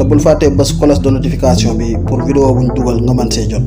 te bul fàttee bés cloche de notification bi pour vidéo buñ dugal nga mën see jot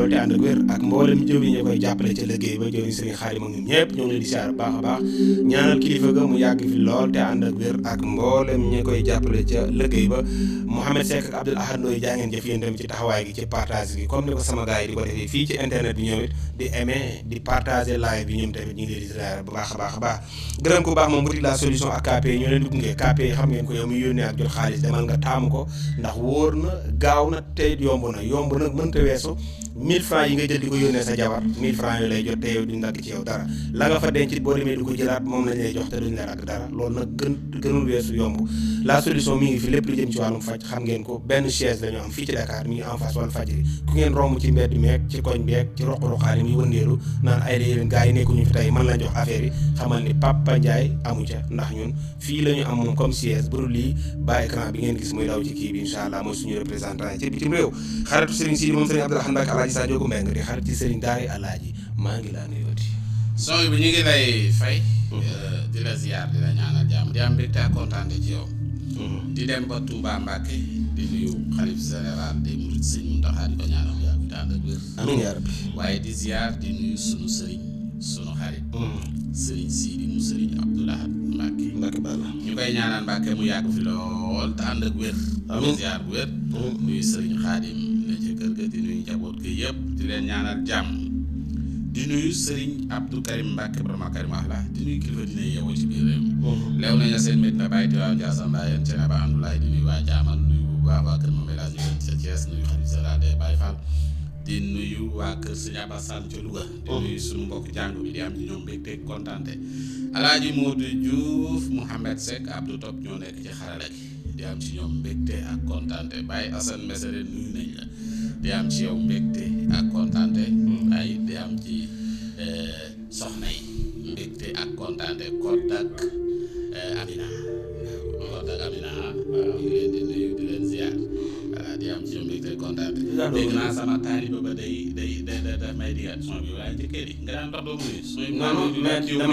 loolu te ànd ak wér ak mboolem jëwriñ ñi koy jàppale ca liggéey ba jëwriñ ñoo ngi leen di siyaar baax a baax ñaanal mu yàgg fi lool te ak wér ak mboolem koy jàppale ca liggéey ba Mouhamed Seck ak Abdoul Ahad Ndoye jaa ngeen ci taxawaay gi ci partage gi comme ni di ko defee bi ñoom it di bi ñoom tamit ñu ngi leen di siyaar baax a baax a baax gërëm ko baax moom boutique la solution ak KP ñoo leen di gunge KP xam ngeen ko yow muy yónnee ak jot xaalis demal nga taamu ko ndax wóor na gaaw na te yomb na yomb nag mënta weesu 1000 francs yi ngay jël di ko yónnee sa jabar 1000 francs yooyu lay jot te yow duñ dagg ci yow dara la nga fa denc boo demee di ko jëlaat moom lañ lay jox te duñ la dagg dara loolu nag gënul weesu yomb la solution mi ngi fi lépp lu jëm ci wàllum faj xam ngeen ko benn chaise la ñu am fii ci Dakar mi ngi en face wàllu fajri ku ngeen romb ci mbedd meeg ci koñ beeg ci roq-roqaani mi wëndeelu naan ay la yéen nekkuñu fi tey mën lañ jox affaire yi Sadio Mbengue di xarit ci sëriñ daari alaaji maa ngi laa nuyooti. sooy bu ñu ngi lay fay. Mm-hmm. Eh, di la ziar di la ñaanal jàmm di am mbégte ak kontaante ci yow. Mm-hmm. di dem ba Touba Mbacke di nuyu xalif général des mourides sëñ Mountakha di ko ñaanal yaa ngi waaye di ziar di sunu sëriñ sunu xarit. Mm-hmm. sëriñ Sidi mu sëriñ Abdoulaye Mbacke. ñu koy ñaanal Mbacke mu yàgg fi lool te ànd ak wér. amiin bu wér. nuyu sëriñ Xaadim Mbacke di nuyu njaboot gi yëpp di leen ñaanal jàmm di nuyu Serigne Abdou Karim Mbacke Barma Karim Ahla di nuyu kilifa dina yeewoo ci biir réew mi. lew nañu seen mbir na bàyyi diwaan Ndiassane laa yéen Thiénaba Andoulaye di nuyu waa Jaamal nuyu bu baax waa kër Mamela ñu leen ca Thiès nuyu xarit Sera de Baye Fall di nuyu waa kër Sëñ Abba Sall ca Louga. di nuyu suñu mbokk jàng bi di am ñu ñoom mbégte kontaante Alaaji Modou Diouf Mouhamed Seck Abdou Top ñoo nekk ci xarala gi di am ci ñoom mbégte ak kontaante Baye Assane Mesere nuyu nañ la. di am ci yow mbégte ak kontaante waaye hmm. di am ci eh, soxna yi mbégte ak kontaante Codé ak eh, Amina Codé ak Amina waaw ñu leen di nuyu di leen ziar voilà di am ci yow mbégte kontaante dégg naa sama taaliba ba day day day day may digaat son bi waaye ci kër yi nga daan ndox doo muy suy non non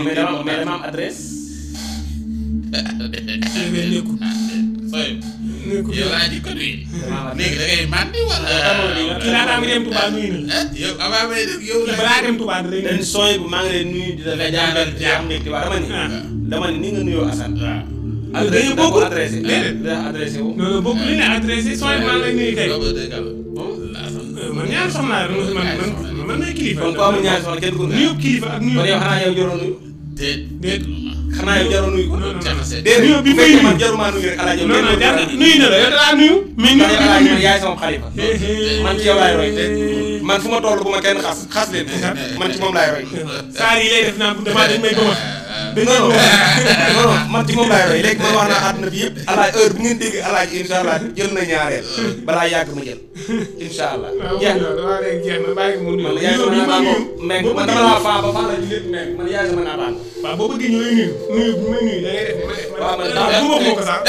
mais dama am adresse yow laa njëkk a nuyu. léegi da ngay màndi wala. kii laataa muy dem Touba nuyu la. yow avant may dem yow bu maa ngi lay nuyu di la fay jàmbale jàmm nekk waaw dama ni. dama ni ni nga nuyoo Assane. waaw. adressé da ko adressé adressé ne adressé sooy bu maa ngi lay nuyu tey. man ñaar soxna la man man man man man kilifa. kon ku amul ñaar kenn ku ne. nuyu kilifa ak nuyu. kon yow xanaa yow joroon nuyu. déet déet. xanaa yow jarul nuyu ko. non non non bi may nuyu jarul maa nuyu rek alaaji. non non jarul nuyu na la yow danaa nuyu. mais nuyu na nuyu yaay sama xalifa man ci laay roy man fu ma toll bu ma kenn xas xas leen man ci moom laay roy. saar yi lay def naa bu damaa dañ may gëm non non man ci moom laay roy léegi man wax naa àdduna bi yëpp alaaj heure bu ngeen dégg alaaj incha allah jël na ñaareel balaa yàgg ma jël incha allah. jeex na waaw léegi jeex na bàyyi ko mu man yaay sama naataango meng man dama laa faa ba faa la ñu lépp meng man yaay sama naataango. waaw boo bëggee ñooy nuyu nuyu bu may nuyu da ngay def waaw man daa bu ma ko sax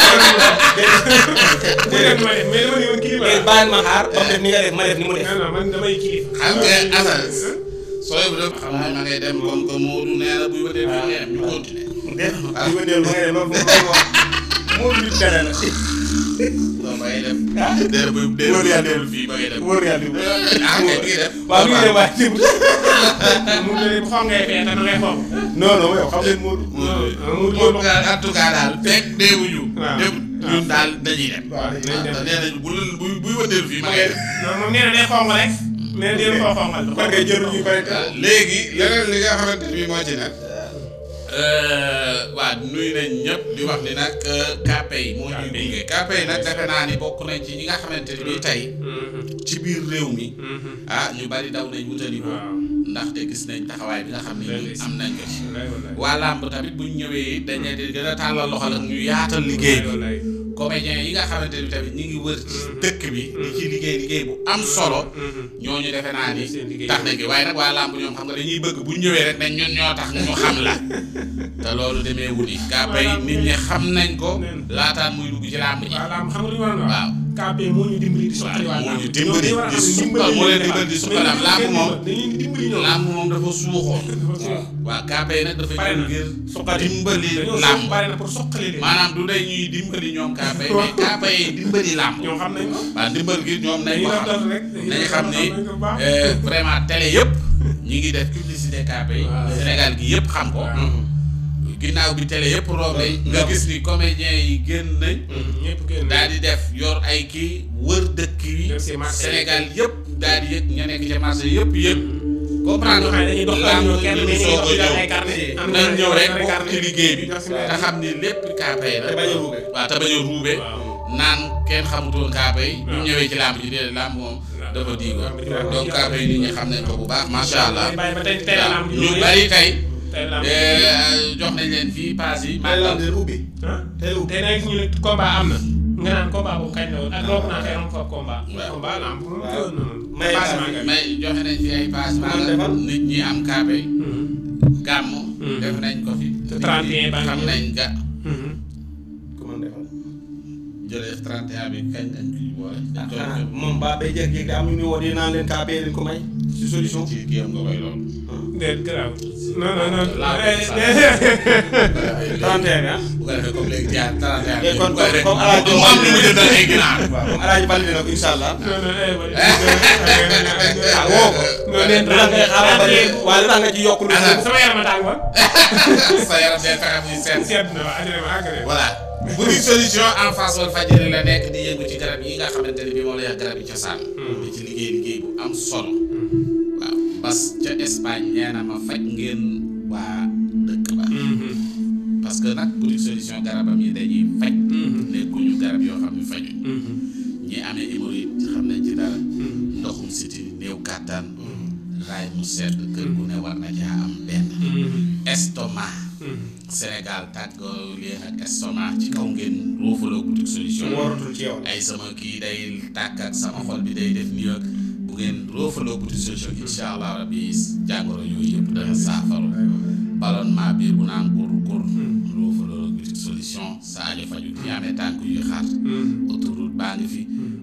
déedéet ma def mais dama ne woon kii ma bàyyi ma xaar ba mu def ni nga def ma def ni mu def man damay kii xam nga sooy bu dëkk xam ma ngay dem comme que Moodu nee na buy wëddee fii ngay dem ah? buy ba Moodu nit tere ne foofu. rek. nee na yéen xamal man kay léegi leneen li nga xamante ni moo ci nag euh, waa nuyu nañ ñëpp di wax ni nag euh, kàppe yi moo ñuy gunge kàppe nag defe naa ni bokk nañ ci ñi nga xamante ni tey mm-hmm. ci biir réew mi mm-hmm. ah ñu bari daw nañ wutali ko ndaxte gis nañ taxawaay bi nga xam ne ñun am nañ ko waa làmb tamit bu ñu ñëwee dañuy gën a tàllal loxo la ñu yaatal liggéey bi comédiens yi nga xamante ni tamit ñi ngi wër mm-hmm. dëkk bi di ci liggéey liggéey bu am solo mm-hmm. ñooñu defe naa ni tax nañ bi waaye nag waa làmb ñoom xam nga dañuy bëgg bu ñëwee rek nañ ñoo tax ñu xam la te loolu demee wut yi kàppa yi nit ñi xam nañ ko laataan muy dugg ci làmb ji waaw KP moo ñu dimbali moo ñu dimbali di suqal moo leen moom dañuy dimbali ñoom làmb moom nag dafa pare na ngir dimbali làmb pare maanaam du day ñuy dimbali ñoom KP mais KP yi dimbali làmb ñoom xam dimbal gi ñoom nañ ko xam nañ xam ni euh, vraiment télé yëpp ñi ngi def publicité KP yi Sénégal gi yëpp xam ko ginnaaw bi télé yëpp roob nañ nga gis ni comédien yi génn nañ daal di def yor ay kii wër dëkk yi Sénégal yëpp daal di yëg ña nekk ca marché yëpp yëpp comprendre am nañ ñëw rek bokk ci liggéey bi te xam ni lépp kaapay la waaw te bañ a ruube naan kenn xamutoon kaapay ñu ñëwee ci làmb ji déedéet làmb moom dafa diigo donc kaapay nit ñi xam nañ ko bu baax macha allah ñu bari tey Eh, eh, jox nañ leen fii paas yi. tey la ubbi tey la ubbi tey nag ñu ne combat am na. nga naan combat bu kañ la ak loo naa xëy na foofu combat. waaw combat la am. waaw may may joxe nañ fi nit ñi am kaabe. Hmm. gàmm. Hmm. def nañ ko fi. 31 ba xam nañ ga. jërëjëf 31 bi kañ lañ ciy boole. Ah, ah, moom ba bay jékki-jékki daa am ñu woo di naan leen kàppee leen ko may. ci solution ci kii am nga koy lool. déet garaaw. non non Ba eh, eh, eh. ah. am lu mu jëndal ko incha allah. non non eh man. xaaral ba léegi waaye dafa ci yokk lu. sama yaram a tàng ba. sa yaram day fexe muy seet. seet na bu di solution en face Walfadjri la nekk di yëngu ci garab yi nga xamante ne moom la yor garab yi cosaan. Hmm. di ci liggéey liggéey bu am solo. Hmm. waaw bas ca Espagne nee na ma faj ngeen waa dëkk ba. Hmm. parce que nag bu di solution garabam yi dañuy faj. nekkuñu garab yoo xam ne fajuñ. ñi amee hémorroïde xam nañ ci dara. ndoxum siti néew kàttan. raay mu sedd kër gu ne war na caa am benn. estomac. Sénégal tàggoo leen ak estomac ci kaw ngeen ruufaloo gudd solution. waratul ci yow ay sama kii day tàkk ak sama xol bi day def nii ak bu ngeen ruufaloo gudd solution incha allah rabbi jàngoro yooyu yëpp dana saafaru ballonnement biir bu naan gur gur. ruufaloo gudd solution saa yu faju bi amee tànk yuy xaar. autoroute baa ngi fi.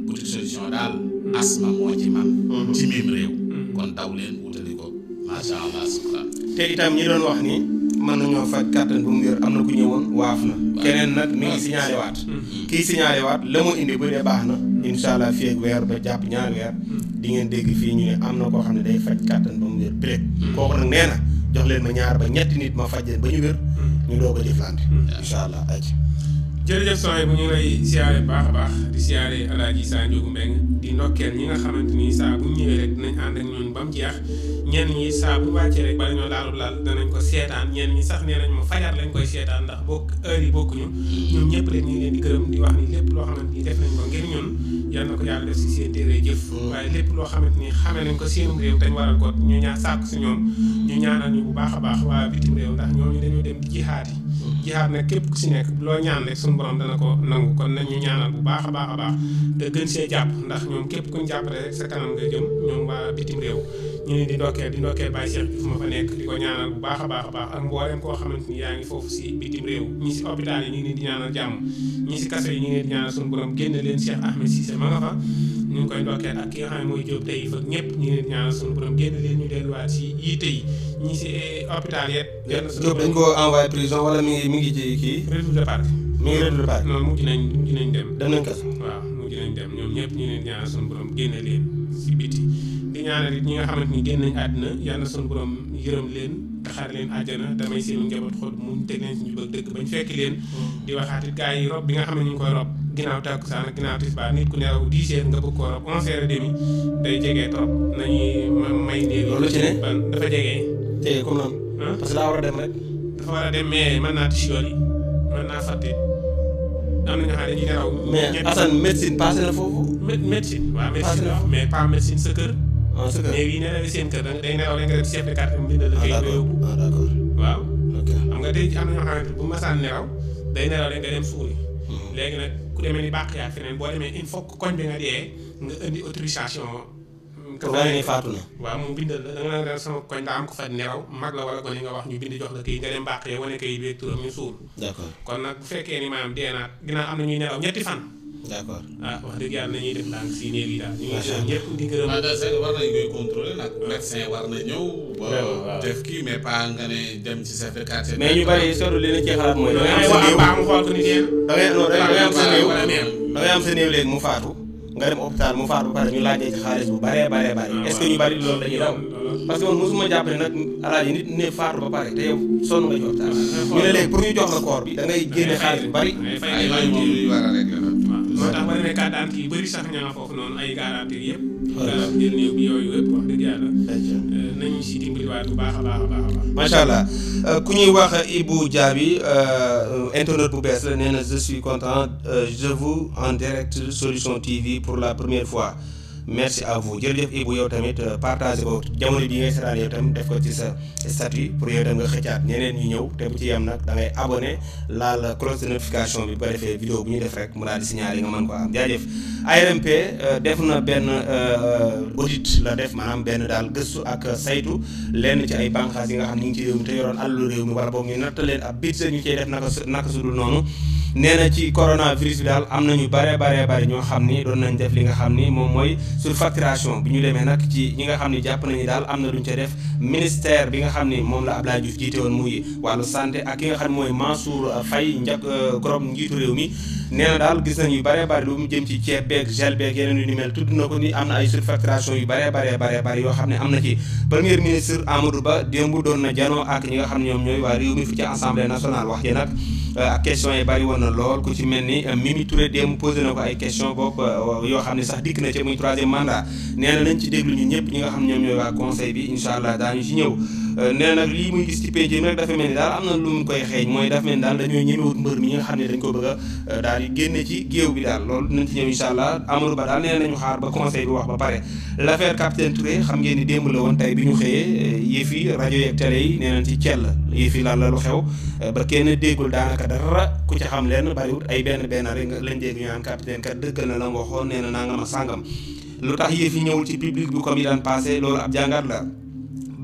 gudd solution daal asma moo ci man. Mhm. ci miim réew. kon daw leen wutali ko te itam ñi doon wax ni. man nañoo faj kàttan bu mu yor am na ku ñëwoon waaf na keneen nag mi ngi hmm. signalé waat la mu indi bu dee baax na incha allah fii ak weer ba jàpp ñaar weer hmm. dingeen ngeen dégg fii ñu ne am na koo xam ne day faj kàttan ba mu wér péréb hmm. kooku nag nee na jox leen ma ñaar ba ñetti nit ma faj ba ñu wér ñu doog a jëflante incha allah aji jërëjëf sooy bu ñu lay siyaare baax a baax di siyaare alaaji Sa Ndiogou Mbengue di ndokkeel ñi nga xamante ni saa bu ñëwee rek dinañ ba mu jeex ñenn ñi saa bu wàccee rek bala ñoo laalu laal danañ ko seetaan ñenn ñi sax nee nañ ma fajar lañ koy seetaan ndax bokk heure yi bokkuñu ñun ñu ngi leen di gërëm di wax ni lépp loo xamante ni def nañ ko ngir ñun ko yàlla def si seen téere jëf waaye lépp loo xamante ni xamee nañ ko seenum réew dañ waral ko ñu ñaan sàkk si ñoom ñu ñaanal ñu bu baax a baax waa bitim réew ndax ñooñu dañoo dem jihaat yi jihaad nag képp ku si nekk loo ñaan rek suñu borom dana ko nangu kon nañu ñaanal bu baax a baax a baax te gën see jàpp ndax ñoom képp kuñ jàppale rek sa kanam nga jëm ñoom waa bitim réew ñu di ndokkeel di ndokkeel Baye Cheikh Diouf ma fa bu baax a baax a baax ak mboolem koo xamante ni yaa ngi foofu si bitim réew ñi si hôpital yi ñu di ñaanal jàmm ñi si kaso yi ñu ngi leen di ñaanal suñu borom génn leen Cheikh Ahmed si ma nga fa ñu ngi koy ndokkeel ak ki xam ne mooy Jóob tey fa ñëpp ñu ngi leen di ñaanal suñu borom génn leen si yiite yi ñi si eh, hôpital yeeg. yéen si Diop dañ ko envoyé prison wala mi ngi mi ngi ci kii. retour de parc. mi ngi retour de parc. non mujj nañ mujj nañ dem. dem nañ kaso. waaw mujj nañ dem ñoom ñëpp ñu leen ñaanal suñu borom génne leen si biti di ñaanal it ñi nga xamante ni génn nañ àddina yal na suñu borom yërëm leen te leen àjjana damay seen njaboot xol mu teg leen si ñu bëgg dëgg bañ fekk leen. di waxaat it yi rob bi nga xam ne ñu ngi koy rob. ginnaaw takkusaan ak ginnaaw tisbaar nit ku nelaw dix heures nga bëgg koo rob onze heures téye comme noonu. parce que daa war a dem rek. dafa war a dem mais mën naa tich yoon yi mën naa fàtte am na ñoo xam ne nelaw. mais Assane médecine passé sa kër. mais bii nee na seen kër da day nelaw da nga def chef de carte mu bind la. ah d' accord ah, waaw. ok xam nga tey am na ñoo xamante bu masaan nelaw day nelaw da nga dem suuli. Hmm. léegi nag ku demee ni bàq yaa feneen boo demee il faut que koñ bi nga dee nga indi autorisation. te daa ne faatu na waaw moom bindal la da nga naan sama koñ mag la wala ko ni nga wax ñu bind jox la kii nga dem mbàq ya wane kayit bi nag fekkee ni maanaam deenaat am na ñuy neraw ñetti fan d'accord ah wax dëgg yàlla nañuy def ndànk si néeg yi daal ñu ngi ah, nag médecin war na ñëw ne dem ci chef de quartier mais ñu bari da ngay am sa néew da mu faatu nga dem hôpital mu faatu ba pare ñu laajee ci xaalis bu baree baree bari est ñu bari loolu dañuy daw parce que mosuma jàpp ne nag alaaji nit ne faatu ba pare te yow nga ci hôpital ñu ne léegi pour ñu jox la corps génne xaalis bu bari moo tax boo demee kàddaan kii bëri sax ña nga foofu noonu ay garantir yëpp garab jël néew bi yooyu yëpp wax dëgg yàlla euh, nañu si dimbaliwaat bu baax a baax a baax a baax macha allah euh, ku ñuy wax Ibou Diaby euh, internaute bu bees la nee na je suis content je vous en direct solution TV pour la première fois merci à vous jërëjëf Ibou yow tamit euh, partagé ko jamono bi ngay seetaan yow tamit def ko ci sa statut pour yow tam nga xëccaat ñeneen ñu ñëw te bu ci yam nag da ngay abonné laal cloche de notification bi bu ko defee vidéo bu ñu def rek mu daal di signaler nga man ko am jaajëf ARMP euh, def na benn euh, audit la def maanaam benn daal gëstu ak saytu lenn ci ay bànqaas yi nga xam ni ngi ci réew mi te yoroon àllu réew mi wala boobu ñu natta leen ab budget ñu cey def naka naka sudul noonu nee na ci coronavirus bi daal am ñu bare bare bare ñoo xam ni doon nañ def li nga xam ni moom mooy surfacturation bi ñu demee nag ci ñi nga xam ni jàpp nañu daal am na lu ñu ca def ministère bi nga xam ni moom la Abdoulaye Diouf jiite woon muy wàllu santé ak ki nga xam ni mooy Mansour Faye njab gorom njiitu réew mi nee daal gis nañ yu bëree bëri lu mu jëm ci ceeb beeg gel beeg yeneen yu mel tudd na ko ni am na ay surfacturation yu bëree bëree bëree bëri yoo xam ne am na ci premier ministre Amadou Ba démb doon na janoo ak ñi nga xam ne ñoom ñooy waa réew mi fi ci assemblée nationale wax ji nag euh, ak question yi bëri woon na lool ku ci mel ni euh, Mimi Touré démb posé na ko ay question bopp euh, yoo xam ne sax dikk na ci muy troisième mandat nee na ci déglu ñun ñëpp ñi nga xam ne ñoom ñooy waa conseil bi incha allah ñëw Euh, nee nag lii muy gis ci penc mi rek dafa mel ni daal am na lu mu koy xeeñ mooy dafa mel ni daal dañoo ñemewut mbër mi xam ne dañ ko bëgg a euh, daal di génne ci géew bi daal loolu dinañ ci ñëw incha Ba daal nee nañu xaar ba conseil bi wax ba pare l'affaire capitaine Touré xam ngeen ni démb la woon tey bi ñu xëyee euh, yëfi rajo yeeg télé yi nee nañ ci cell yëfi lan la lu xew ba kenn déggul daanaka dara ku ci xam lenn bariwut ay benn benn rek lañ dégg ñu naan capitaine kat dëggal na la nga waxoon nee na nangam a sàngam lu tax yëf yi ci public bi comme yi daan passé loolu ab jàngat la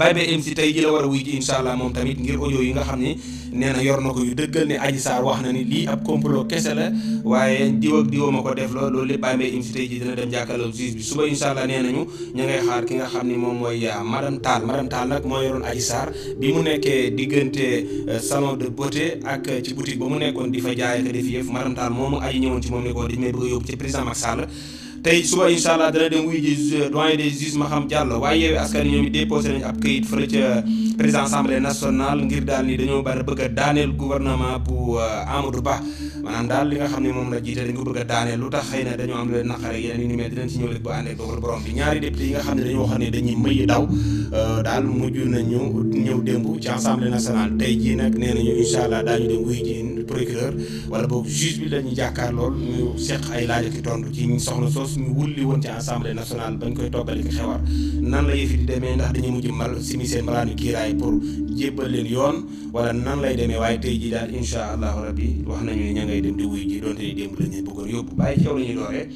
Baye Mbaye MC tey ji la war a wuy ji incha allah moom tamit ngir audio yi nga xam ni nee na yor na ko yu dëggal ne Adji Sarr wax na ni lii ab complot kese la waaye diw ak diwoo ma ko def la loolu lépp Baye Mbaye MC tey ji dina dem jàkkaarloog juge bi suba incha nee nañu ñu ngay xaar ki nga xam ni moom mooy ah, madame Tall madame Tall nag moo yoroon Adji saar bi mu nekkee diggante eh, salon de beauté ak eh, ci boutique ba mu nekkoon di fa jaay ak def yëf madame Tall moom ne ko dañ may bëgg a yóbbu président Macky tey suba incha allah dana de wuy ji doyen des juges Maham Diallo waaye Yewwi Askan Wi ñoom it déposé nañu ab këyit fële ca président assemblée nationale ngir daal ni dañoo bari bëgg a daaneel gouvernement bu euh, Amadou Ba maanaam daal li nga xam ne moom la jiite dañ ko daaneel lu tax xëy na dañoo am lu naqare yeneen ni mais dinañ si ñëw rek ba àndee dogal borom bi ñaari député yi nga xam ne dañoo xam ne dañuy mëyi daw euh, daal mujj nañu ñëw démb ci assemblée nationale tey bi procureur wala boobu juge bi la jàkkaar lool ñu seq ay laaj ak tontu ci ñu soxna soos ñu wulli woon ci assemblée nationale bañ koy toggali ki xewar nan la yëfi di demee ndax dañuy mujj mal simi seen malaanu kiiraay pour jébbal leen yoon wala nan lay demee waaye tey jii daal incha allahu rabbi wax nañu ne ña ngay dem di wuyu ji donte ni démb la ñu yóbbu bàyyi ci yow la ñuy dooree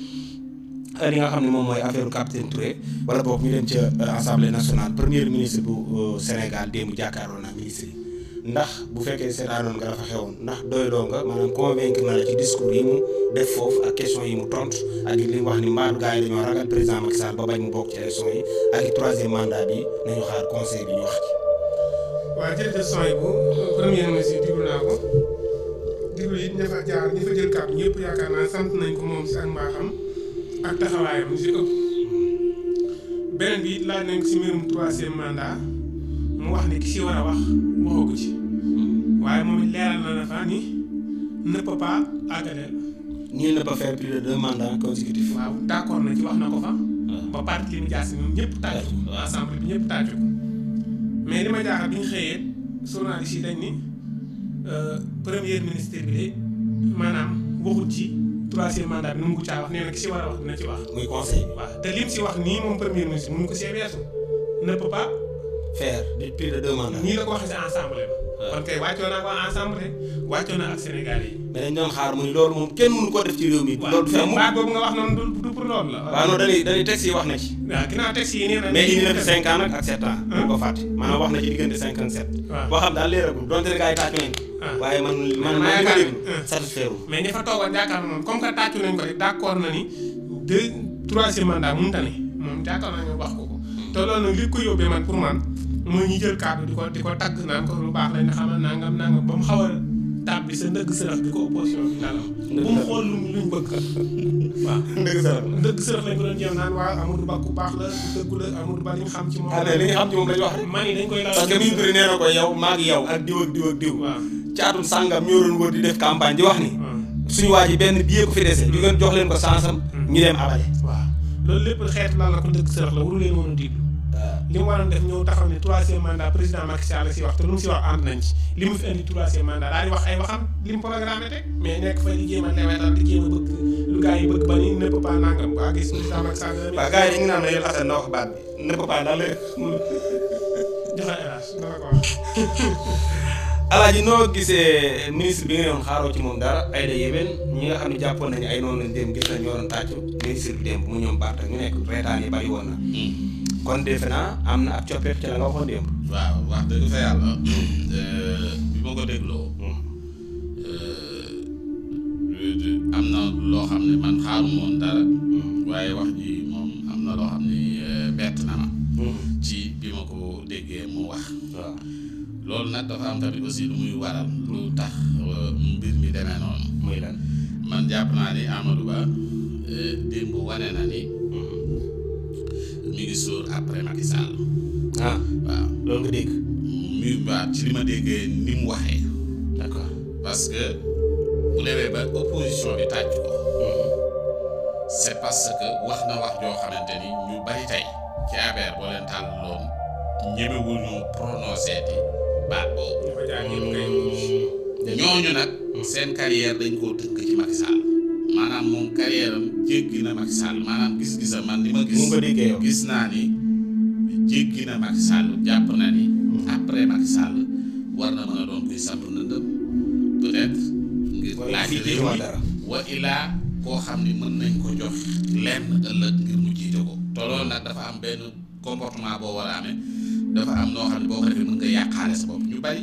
euh, nga xam ne moom mooy affaire capitaine Touré wala boog ñu dem ca euh, assemblée nationale premier ministre bu euh, Sénégal démb jàkkaarloo na ministre yi ndax bu fekkee seetaanoon nga la xewoon ndax doyloo nga maanaam convaincre na la ci discours yi mu def foofu ak question yi mu tontu ak li mu wax ni maanaam gars yi dañoo ragal président Macky Sall ba bañ mu bokk ci élection yi ak troisième mandat bi nañu xaar conseil bi ñu wax ci. waaw jërëjëf jël kàddu ñëpp yaakaar naa sant nañ ko moom si ak mbaaxam ak taxawaayam ñu si ëpp beneen bi it laaj si mbirum troisième mandat mu wax ni ki si war a wax waxoo ko ci. waaye moom it leeral na dafa ni ne peut pas agale. nul ne peut faire plus de deux mandats consécutifs. waaw d' accord ci wax na ko fa. Ah. ba parti li jaasi ñoom ñëpp tàccu ko. assemblée ah. bi ñëpp tàccu ko. mais li ma jaaxal bi ñu xëyee journaliste yi dañ ni euh, premier ministre bi de maanaam waxut ci troisième mandat bi nu mu ko caa wax nee na ki si war a wax dina ci wax. muy conseil waaw te lim si wax nii moom premier ministre mënu ko see weesu ne peut pas. de deux mandats. nii la ko waxee si assemblée Euh, kon kay wàccoo naa ko ensemble wàccoo naa ak Sénégal yi. mais dañ doon xaar mu ni loolu moom kenn mënu ko def ci réew mi. loolu du fi am baat boobu nga wax noonu du pour loolu la. na ci. waaye man man man li ma déglu satisfaire wu. mais ñi fa toogoon jàkkaarloo moom comme que tàccu nañ ko rek d' na ni deux troisième mandat mënta ne moom jàkkaarloo nañu wax ko ko te loolu nag li ko yóbbee man pour man mu ñu jël kàddu di ko di naan ko lu baax lañ xam xamal nangam nangam ba mu xaw a tàbbi sa ndëgg sërëx bi ko opposition bi dalam bu mu xool lu luñ bëgg waaw ndëgg sërëx ndëgg sërëx lañ ko doon jéem naan waaw Amadou Ba ku baax la dëggu la Amadou xam ci moom li ñu xam ci moom koy parce que mine yow maag yow ak diw ak diw ak diw waaw caatum di def campagne di wax ni suñu waa yi benn billet ko fi dese ñu mm. jox leen ko sansam mm. ñu dem abale waaw loolu lépp xeet laal la ko ndëgg sërëx la waru leen woon a li mu waroon def ñëw taxaw ne troisième mandat président Macky Sall si wax te lu si wax ànd li mu fi indi troisième mandat daal di wax ay waxam li mu programmé teg mais nekk fa di jéem a lewetal a gis président Macky Sall. waaw gars yi ñu ngi la yow Assane na wax baat bi nëpp pas daal la xaaroo ci moom dara ay da yebeen ñi nga xam ne jàppoon nañu ay noonu lañ dem gis nañ ñoo doon tàccu ministre bi dem bu mu ñoom baat ñu nekk reetaan yi bari na. Hmm. kon defe naa am na ak coppeeku ci la nga waxoon démb. waaw wax dëgg fa yàlla euh, bi ma ko dégloo. Hmm. Euh, am na loo xam ne man xaaru moon dara. Hmm. waaye wax ji moom am na loo xam ne euh, bett na ma. Hmm. ci bi ma ko déggee mu wax. waaw loolu nag dafa am tamit aussi lu muy waral lu tax mbir mi demee noonu. muy lan man jàpp naa ni Amadou Ba démb wane na ni. ñuy ah, dissoudre parce que bu demee ba mm-hmm. wax na wax joo xamante ni ñu bari tey ci APR boo leen tànn loon ñemewul ñu prononcé ti ñooñu nag. Mm-hmm. seen carrière dañ koo tënk ci Macky maanaam moom carrière am jéggi na Macky Sall maanaam gis-gisam man li ma gis gis naa ni jéggi na Macky Sall jàpp na ni hmm. après Macky Sall war na mën a doon kuy samp ndëndëm peut ngir laaj réew mi wa ilaa koo xam ni mën nañ ko jox lenn ëllëg ngir mu jiite ko te nag dafa am benn comportement boo war a amee dafa am noo xam ne boo ko defee mën nga yàqaale sa bopp ñu bari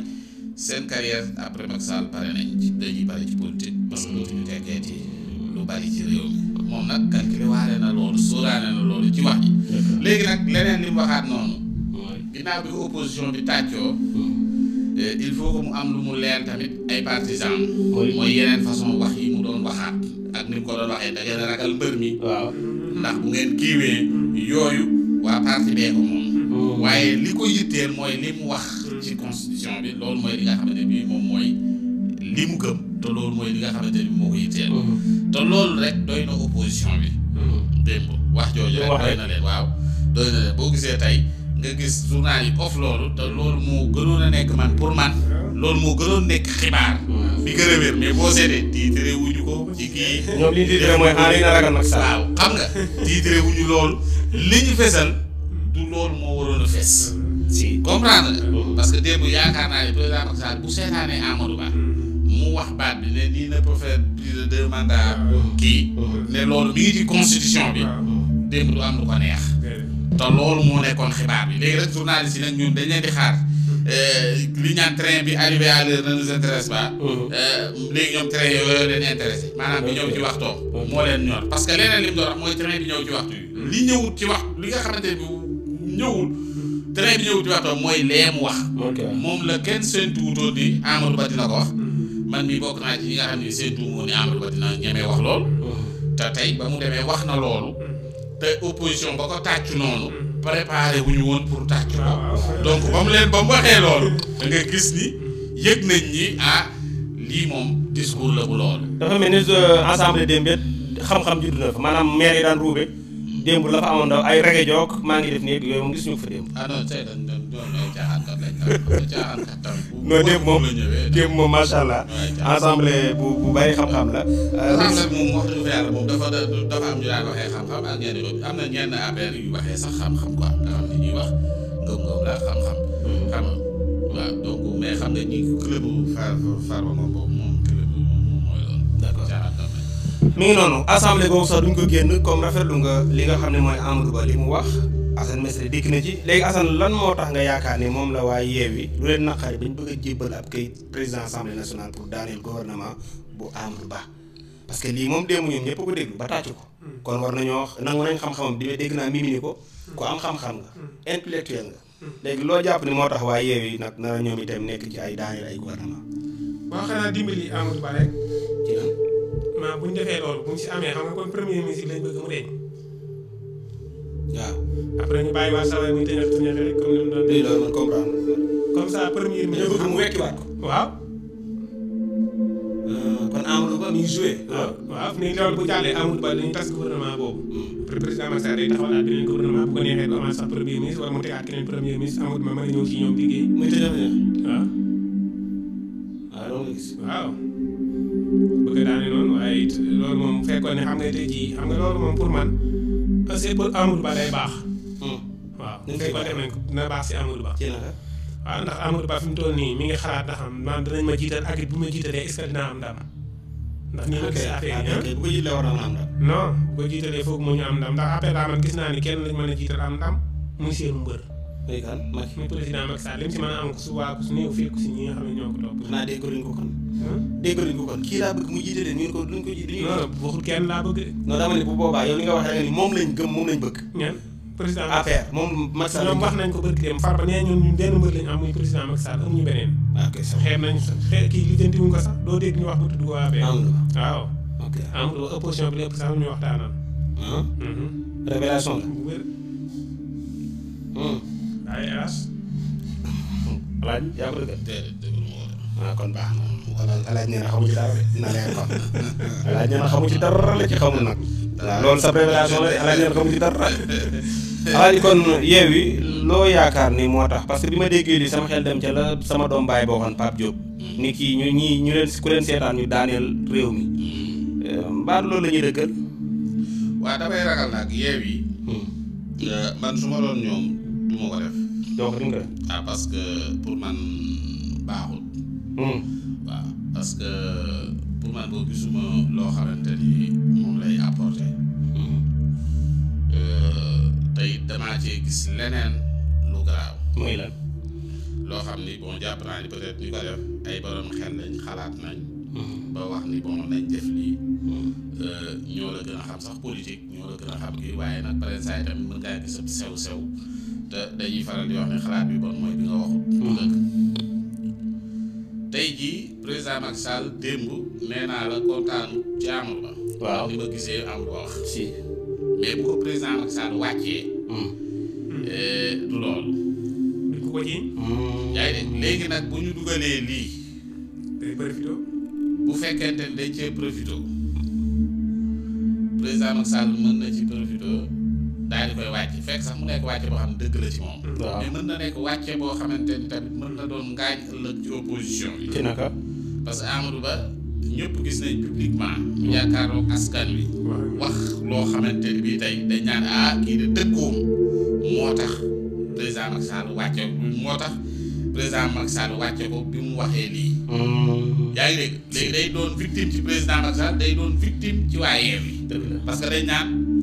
seen carrière après Macky Sall pare nañ ci dañuy pare ci politique parce que hmm. dootuñu lu bari ci réew mi moom nag calculé waale na loolu sóoraale na loolu ci wax ji léegi nag leneen li mu waxaat noonu ginnaaw bi opposition bi tàccoo eh, il faut que mu am lu mu leer tamit ay partisan mooy yeneen façon wax yi mu doon waxaat ak ni ko doon waxee da ngeen ragal mbër mi waaw ndax bu ngeen kiiwee yooyu waa parti bee ko moom hmm. waaye li ko yitteel mooy li mu wax ci constitution bi loolu mooy li nga ne bii moom mooy lii mu gëm te loolu mooy li nga xamante ni mm-hmm. te loolu rek doy na opposition bi mm-hmm. démb wax jooju rek doy na leen waaw doy na leen boo gisee tey nga gis journal yi of loolu te loolu moo gënoon a nekk man pour man loolu moo gënoon nekk xibaar mm-hmm. bi gën a wér mais boo seetee tiitre ko ci kii ñoom li nga tiitre wuñu loolu du loolu moo waroon a fes comprendre parce que démb yaakaar naa ne président Macky Sall bu seetaanee Amadou Ba mu wax baat bi ne nii ne peut faire de deux mandats kii ne loolu mi ngi ci constitution bi démb du am lu ko neex te loolu moo nekkoon xibaar bi léegi rek journaliste yi nag ñun dañ leen di xaar eh, li ñaan train bi arrivé à l'heure ne nous intéresse pas eh, léegi ñoom train yooyu leen intéressé maanaam bi ñëw ci waxtoo moo leen ñor parce que leneen li mu doon wax mooy train bi ñëw ci waxtu yi li ñëwut ci wax li nga xamante bi ñëwul train bi ñëwut ci waxtoo mooy leemu wax moom la kenn seentu wutoon ni Amadou Ba dina ko wax man mi bokk naa ci ñi nga xam ne seen tuumoo ne Amadou Ba dina ñemee wax loolu te tey ba mu demee wax na loolu te opposition ba ko tàccu noonu préparé wu ñu woon pour tàccu ko donc ba mu leen ba mu waxee loolu da gis ni yëg nañ ni a ah, lii moom discours la bu loolu dafa mel ni euh, assemblée démb xam-xam juddu na fa maanaam maire yi daan ruube démb la fa amoon daw ay rege jook maa ngi def nii yooyu moom gis ñu fa démb ah non démb allah. ensemble bu bu bari xam-xam la. ensemble euh, ñuy wax ngëm hmm. noonu assemblée boobu sax duñ ko génn comme rafetlu nga li nga xam ne mooy Amadou Ba li mu wax. Assane Mestre dikk na ci léegi Assane lan moo tax nga yaakaar ni moom la waa Yewwi lu leen naqari bañ bëgg a jébbal ab kayit président assemblée nationale pour daaneel gouvernement bu Amadou Ba parce que lii moom démb ñun ñëpp ko déglu ba tàcc ko. Hmm. kon war nañoo nangu nañ xam xam di dégg naa mimi ko. ku hmm. am xam-xam nga. Hmm. intellectuel nga. léegi loo jàpp ni moo tax waa yi nag na ñoom itam nekk ci ay daaneel ay gouvernement. waaw xanaa dimbali Amadou Ba rek. si amee waaw après ñu bàyyi waa saway muy teñax teñax rek comme waaw. Euh, mu loolu bu jàllee hmm. premier ministre wala mu tegaat keneen premier ministre a ñëw ci ñoom liggéey. muy teñax nga waaw. bëgg daane noonu waaye loolu moom fekkoon ne xam nga tey jii xam nga loolu moom pour man. c'est pour Amadou Ba day baax. Hmm. waaw bu fekkoon def nañ ko dina baax si Amadou Ba. waaw ndax Amadou Ba fi toll nii mi ngi xalaat ndax man danañ ma jiital ak bu ma jiitalee est-ce que dinaa am ndam. ndax ñu ngi gis affaire ah, ah? war na am ndam. bu ko jiitalee foog mu ñu am ndam ndax après daa man gis naa ni kenn lañ mën a jiital am ndam muy seen mbër. muy kan Macky muy président Macky li mu si mën a am ko su waa ko su néew fii ko si ñi nga xam ne ñoo ko topp. naa dégg ko kon. dégg nañ ko kon kii laa bëgg mu jiite leen ñu ne ko duñ ko jiite. non waxul kenn laa bëgg. non dama ne bu boobaa yow li nga wax da nga ni moom lañ gëm moom lañ bëgg. ñan président Macky Sall affaire moom Macky Sall ñoom wax nañ ko barki dem Farba nee ñun ñun benn mbër lañ am muy président Macky Sall amuñu beneen. Ah, ok sax xeeb nañ sax xeeb kii lijjanti wuñ ko sax doo dégg ñu wax mu tudd ko waa affaire. amul waaw. ok amul waa opposition bi lépp sax ñu waxtaanal. Ah. Mhm. révélation la. Hmm. ay as. laaj yaa ko dëgg. déedéet dëgg lu mu war a. waaw kon baax na. alaaj nee na xamu ci dara dina leen xam alaaj nee na xamu ci dara sampai ci xamul alatnya nak kamu révélation la kon ni sama xel dem sama doom Bay boo pap job, Diop ni kii ñu ñi ñu leen ku leen seetaan ñu daaneel réew mi mbaa loolu la ñuy dëggal waa man su ma doon ah parce que pour man boo gisuma loo xamante ni moom lay apporter hmm. euh, tey damaa cee gis leneen lu garaaw muy lan loo xam ni boo jàpp naa ni peut-être ko def ay borom xel lañ xalaat nañ hmm. ba wax ni bon nañ def lii hmm. euh, ñoo la gën a xam sax politique ñoo la gën a xam kii waaye nag pare saa yi tamit mën ngaa gis sew sew te dañuy faral di wax ne xalaat bi bon mooy bi nga waxut dëgg tey jii président Macky Sall démb nee naa la kontaanu ci Amadou Ba. waaw li ma gisee Amadou Ba wax. si mais bu ko président Macky Sall wàccee. Hmm. Eh, du loolu. duñ ko ko do yaa ngi léegi nag bu ñu dugalee lii. presidente profito. bu fekkente ne dañ cee profito président Macky Sall mën na ci profito. daal di koy wàcce fekk sax mu nekk wàcce boo xam ne dëgg la ci moom. mais mën na nekk wàcce boo xamante ni tamit mën na doon ngaañ ëllëg ci opposition bi. parce que Amadou Ba ñëpp gis nañ publiquement mu yaakaaroon askan wi. xamante ni bii tey dañ naan ah, de dëkkoom moo hmm. moo tax président Macky Sall wàcce ko bi mu waxee lii. Hmm. yaa ngi dégg ci président Macky day doon que dañ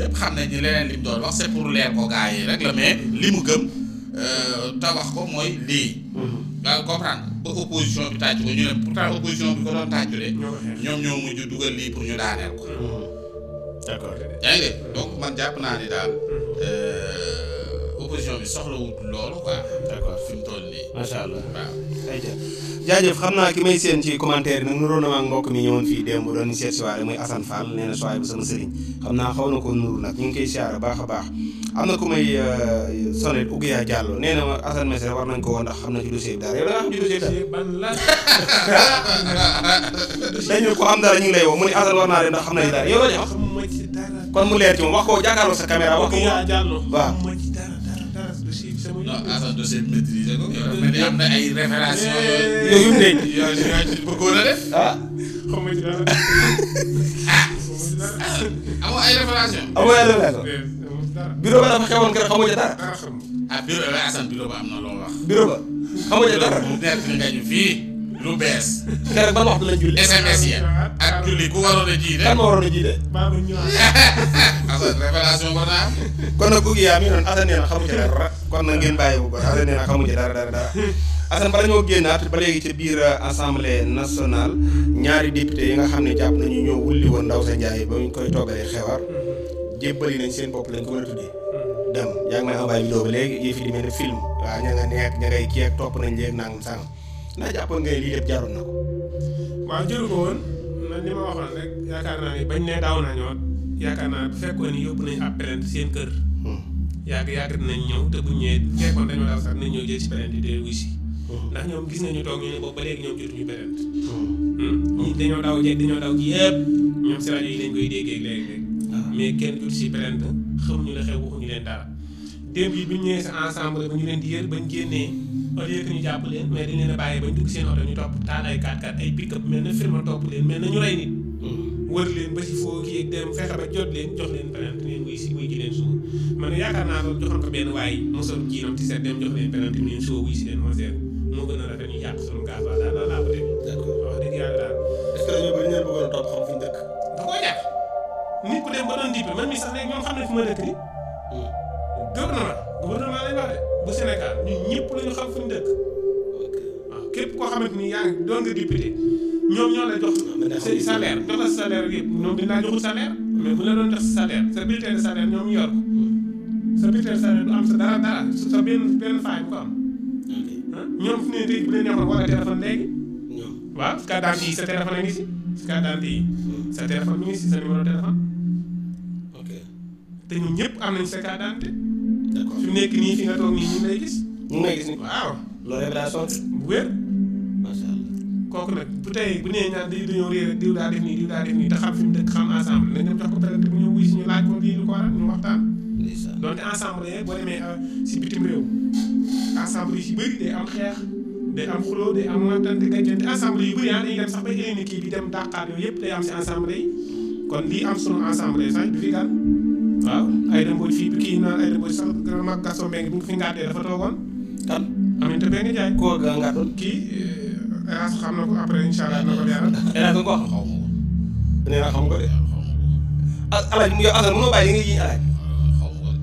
ñëpp xam nañ ni leneen li mu doon wax c'est pour leer ko gars yi rek mais li mu gëm euh, te wax ko mooy lii. yaa mm-hmm. comprendre ba opposition bi tàcc ko ñu ne pourtant opposition bi ko doon tàccu de. ñoom ñoo mujj dugal lii pour ñu daaneel ko. Mm-hmm. d'accord yaa ngi dégg donc man jàpp naa ni daal. Mm-hmm. Euh, opposition bi soxlawut loolu quoi. d'accord fi toll nii. waaw. jaajëf xam naa ki may seen ci commentaire nag nuróo na ma ak mbokk mi ñëwoon fii démb doon seet si waale muy Assane Fall nee na sowaay bu sama sëriñ xam naa xaw na ko nuru nag ñu ngi koy siyaare baax a baax am na ku may euh, sonet Ouguiya Diallo nee na ma Assane Mesere war nañ ko woon ndax xam na ci dossier bi dara yow da nga xam ci dossier bi dara dañu ko am dara ñu ngi lay woo mu war naa dem ndax xam na ci dara wax kon mu leer ci wax ko jàkkaarloo sa caméra wax ko waaw non Assane dossier bi maîtriser ko. mais am na ay références yooyu. yooyu ci bëggoon a def. ah xaw ma ci dara. amoo ay références. amoo ay références. bureau ba dafa xewoon kër xamoo ca dara. ah bureau ba Assane bureau ba am na loo wax. bureau ba xamoo ca dara. mu nekk nga ñu fii. lu bees. keroog ban waxtu lañ julli. SMS yi ak julli ku waroon a jiite. kan ma waroon a jiite. maa ngi révélation war naa am. Ah. kon nag yaa mi na xamu ci dara ko Assane nee na xamu ci dara ci biir assemblée nationale ñaari député yi nga xam ne jàpp nañu ñoo wulli woon ndaw sa Ndiaye ba ñu seen bopp lañ ko a tuddee. dem yaa ngi ne film ña nga nekk topp nañ léegi nangam sànq ndax jàppoon ngay lii lépp jaaroon na li ma waxoon rek yaakaar naa ni bañ ne daaw nañoo yaakaar naa bu fekkoon ni yóbbu nañu seen kër. Hmm. yàgg yàgg nañ ñëw te buñ ñëwee fekkoon dañoo daal sax hmm. ñoom gis nañu toog ñu ne boobu ba léegi ñoom jotuñu plainte. Hmm. ñi dañoo daw jeeg dañoo daw kii yëpp ñoom si rajo yi lañ koy déggee léeg ah. mais kenn jot si plainte ñu la xew waxuñu leen daal démb yi bu ñu ñëwee sa ensemble ba ñu leen di yër ba génnee au lieu que ñu jàpp leen mais dañ leen a bàyyi bañ dugg seen oto ñu topp taal ay 4 leen mel na ñu rey nit. Hmm. wër ba ci foo man yaakaar naa ne joxoon ko benn waaye mosal jiinam ci seet dem jox leen plainte ngeen suba wuy si leen moom seet moo a rafet ñu yàq sunu gaz waaw daal laa ko demee. d'accord ñoom dañu leen a fi ñu dëkk. da koo jàpp nit ku dem ba ma bu Sénégal ñun ñëpp la ñu xam fu ñu dëkk waaw képp koo xamante ni yaa ngi doon nga député ñoom ñoo la jox sa salaire jox la sa salaire yëpp ñoom dañ laa joxul salaire mais bu la doon jox sa salaire sa bulletin de salaire ñoom ñu yor ko sa bulletin de salaire du am sa dara dara sa benn benn faay bu ko am ñoom fu ne tey bu leen neexoon wala téléphone léegi waaw carte d'identité yi sa téléphone a ngi si carte d'identité yi hmm. sa téléphone mi ngi si sa numéro téléphone te ñun ñëpp am nañ sa carte d'identité fi nekk nii fi nga toog nii ñu ngi lay gis. ñu ngi lay gis waaw. loolu yëpp daa sotti. bu wér. kooku nag bu tey bu nee ñaar dañuy dañoo réer rek diw daa def nii diw daa nii te fi mu xam ensemble nañ dem jox ko présenté bu ñu laaj ko lii lu ko waral ñu waxtaan. ndeysaan donte ensemble boo demee euh, si bitim réew. ensemble yi si bëri day am xeex day am xuloo day am mantante gàjjante ensemble yu bëri ah dañuy dem sax ba éliminer kii bi dem dàqaat yooyu yëpp day am si ensemble yi kon lii am sunu ensemble yi sax du ay rëmbooj fii bi kii naan ay rëmbooj sax grand mag Gaston Mbengue bi nga fi dafa toogoon. kan Aminata Mbengue Ndiaye. koo gaa eh, nga ko wax. ma ko. nee naa ah, xam nga de. ah alaaj nga yiñ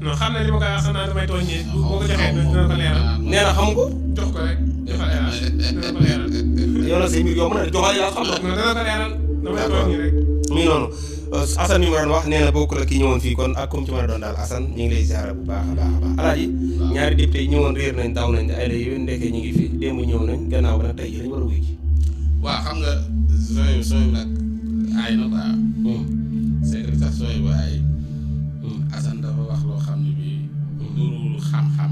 na li ma koy wax sax naa damay tooññee. xaw ma ko boo ko leeral. Ah, nee na xam ko. rek defal noonu. Euh, Assane mi ma doon wax nee na bokk la ki ñëwoon fii kon ak comme ci mën a doon daal Assane ñu lay ziara bu baax a baax a baax alaaji ñaari député yi ñëwoon réer nañ daw nañ ay la yooyu ndekkee ñu ngi fi démb ñëw nañ gannaaw ba nag tey ji lañ war a wuy ji waaw xam nga sooy sooy nag aay na quoi hmm. sooy bu aay hmm. Assane dafa xam ne bii hmm. durul xam-xam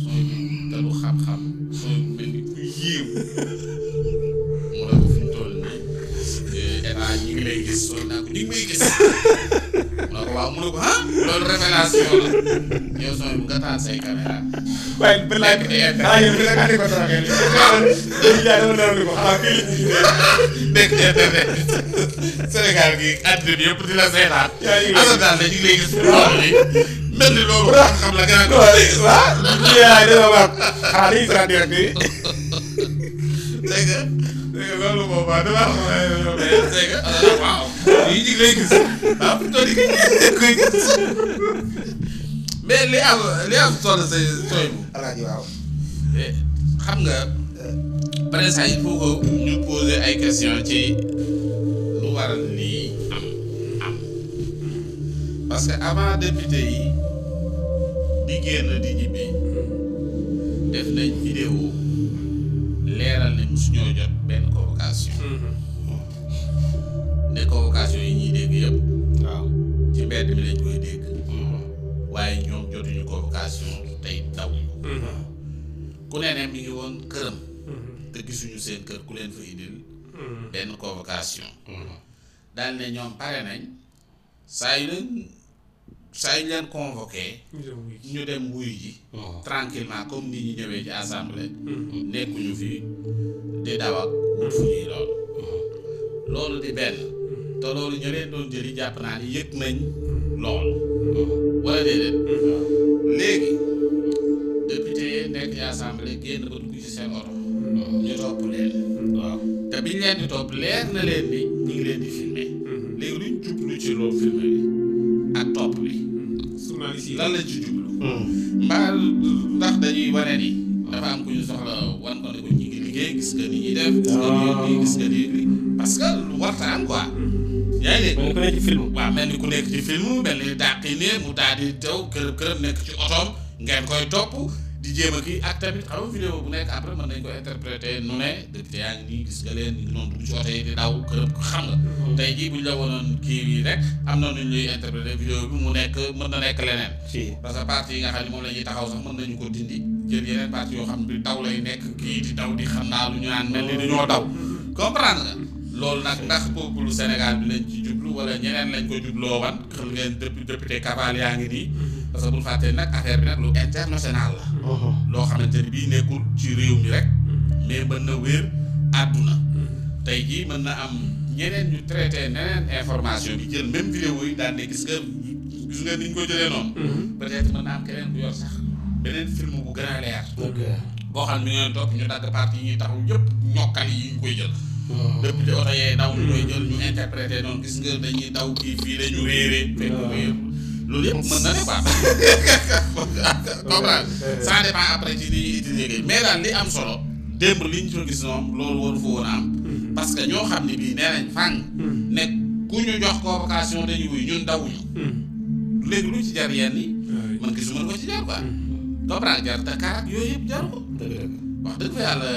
sooy te du xam-xam sooy mel ni ku yéem gis naa ko ni muy gis mun ko waaw mun na ko ah loolu révélation la yow sooy nga taal say caméra. waaye bi laaj xanaa yéen bi la andi ko traqué li ñu ko xanaa fii nekk internet Sénégal gi àddina bi yëpp di la seetaan. yaa ngi lay daal dañu lay gis mel ni loolu xam la gën a. waaw dañuy xanaa dañuy dégg nga loolu moom waaw damaa dégg nga euh, waaw yii ñu ngi gis ah fi toll nii koy gis mais li am li am solo say sooy bu. alaaji waaw. Eh, xam nga. pare il faut que ñu poser ay questions ci lu waral lii am am parce que avant député yi di génn di ñibbi def nañ vidéo leeral ne mosu ñoo jot benn convocation. Mm-hmm. te convocation yi ñuy dégg yëpp. waaw ci mbedd mi koy dégg. Mm-hmm. waaye ñoom jotuñu convocation tey daw. Mm-hmm. ku ne ne ngi woon këram. Mm-hmm. te gisuñu seen kër ku leen fa indil. benn convocation. daal ne ñoom pare nañ saa yu saa yu leen convoqué. ñu dem wuyu ji. tranquillement comme ni ñu ñëwee ci assemblée. nekkuñu fi di daw ak wut fu ñuy lool. loolu di benn. te loolu ñeneen doon jëli jàpp naa ni yëg nañ lool wala déedéet léegi député nekk ci assemblée génn ba dugg ci seen oto ñu topp leen waaw te biñ leen di topp leer na leen ni ñu leen di filmé léegi luñ jublu ci loolu filmé ak topp bi journaliste yi lan lañ ci jublu mbaa ndax dañuy wane ni dafa am ku ñu soxla wan ko ne ko ñu ngi liggéey gis nga ni ñuy def. waaw gis nga ni ah. lii parce que lu warta am quoi. yaa ngi dégg. mel ni ku nekk ci film. waaw mel ni ku nekk ci film mel ni dàqine mu daal di tew kërëb kërëb nekk ci otoom ngeen koy topp di jéem a kii ak tamit xam nga nañ ko interpréter nu ngi gis nga leen ñu ngi doon dugg ci oto yi di mm-hmm. tey jii la wanoon kii yi rek am na nu ñuy interpréter vidéo bi mu nekk mën na nekk leneen. parce que partie yi nga xam ne moom la taxaw sax mën nañu ko dindi jël yeneen parti yoo xam ne daw lay nekk kii di daw di xam naa lu ñu naan mel ni dañoo daw comprendre nga loolu nag ndax peuple Sénégal bi lañ ci jublu wala ñeneen lañ ko jubloo wan xel ngeen député député Kaval yaa ngi nii parce que bul fàttee nag affaire bi nag lu international la uh-huh. loo xamante ni bii nekkul ci réew mi rek mais mën na wér àdduna tey jii mën na am ñeneen ñu traité neneen information bi jël même vidéo yi daan ne gis nga gis nga ni ko beneen film bu gën a leer. boo xam ne mi ngi leen topp ñu dagg parti yi ñuy taxaw yëpp ñokkal yi ñu koy jël. dëpp ñu koy noonu gis nga dañuy daw kii fii dañu réeree. loolu yëpp mën na am solo démb li ñu fa gis mm-hmm. parce que ñoo xam ne bii nee nañ fang. Mm-hmm. Mm-hmm. léegi lu ci jar yenn yi. man gisuma ko ci jar quoi. Dobra jar Dakar ak yooyu yëpp jaru ko. wax dëgg fa yàlla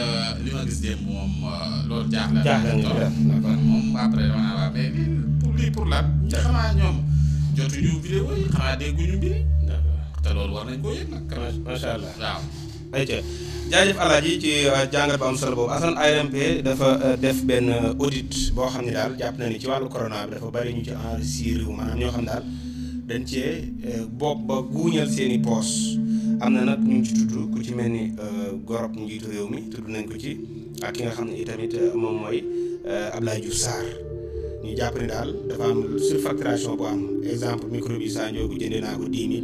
li ma gis démb moom euh, loolu jaaxle. jaaxle nañu kon moom après dama la mais lii pour lii pour lan. ñu xamaa ñoom jotuñu vidéo yi xamaa dégguñu mbir. te loolu war nañ koo yëg nag. macha allah waaw. ayca jaajëf alaaji ci euh, jàngat bu am solo boobu Assane ARMP dafa euh, def benn audit boo xam ne daal jàpp na ni ci wàllu corona bi dafa bari ñu ci enrichir maanaam ñoo xam daal dañ cee bopp ba guuñal seen i poos am na nag ñu ngi ci tudd ku ci mel ni euh, gorob njiitu réew mi tudd nañ ko ci ak ki nga xam ne itamit euh, moom mooy euh, Abdoulaye Diouf Sarr ñu jàpp ne daal dafa am surfacturation bu am exemple micro bi saa njoogu jëndee naa ko dix mille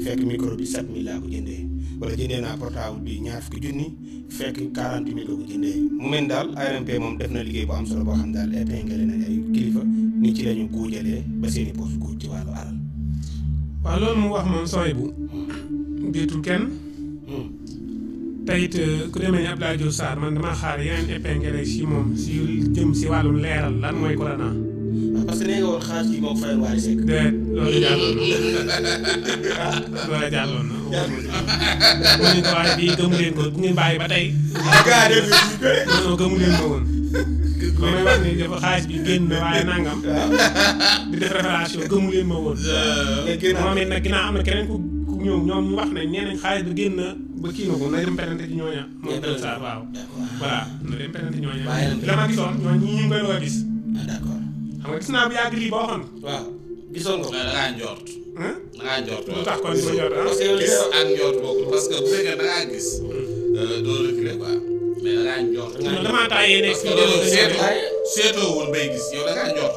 fekk micro bi sept mille laa ko jëndee wala jëndee naa portable bi ñaar fukki junni fekk quarante mille la ko jëndee mu mel daal ARMP moom def na liggéey bu am solo boo xam daal épingle na ay kilifa ni ci lañu guujalee ba seeni poste guuj ci wàllu ubbeetul kenn hmm. tayit eh, ku demee ni Abdoulaye Diouf Sarr man damaa xaar yeneen épingle si moom si jëm si wàllum leeral lan mooy corona ah, parce que nee nga woon xaar ci moom Faye Waly Seck. déet loolu jàlloon na ah, loolu jàlloon na. ma ne ko waaye bii gëmu leen ko bu ngeen bàyyi ba tey. Ah, gaa def non non gëmu leen ko woon. ma may wax ni dafa xaalis bi génn na waaye nangam. di def révélation gëmu leen ma woon. mais nag ginnaaw am na keneen ku. ñëw ñoom wax nañ nee nañ xaalis génn ba kii na ko na dem penante ci ñooña. ma gisoon ñooñu gis. ah gis naa gis ah? ak njort bokkul parce bu fekkee da ngaa gis. Hmm. Euh, doo reculer quoi mais da ngaa njort. non damaa taayee nekk fii seetoo woon bay gis dañoo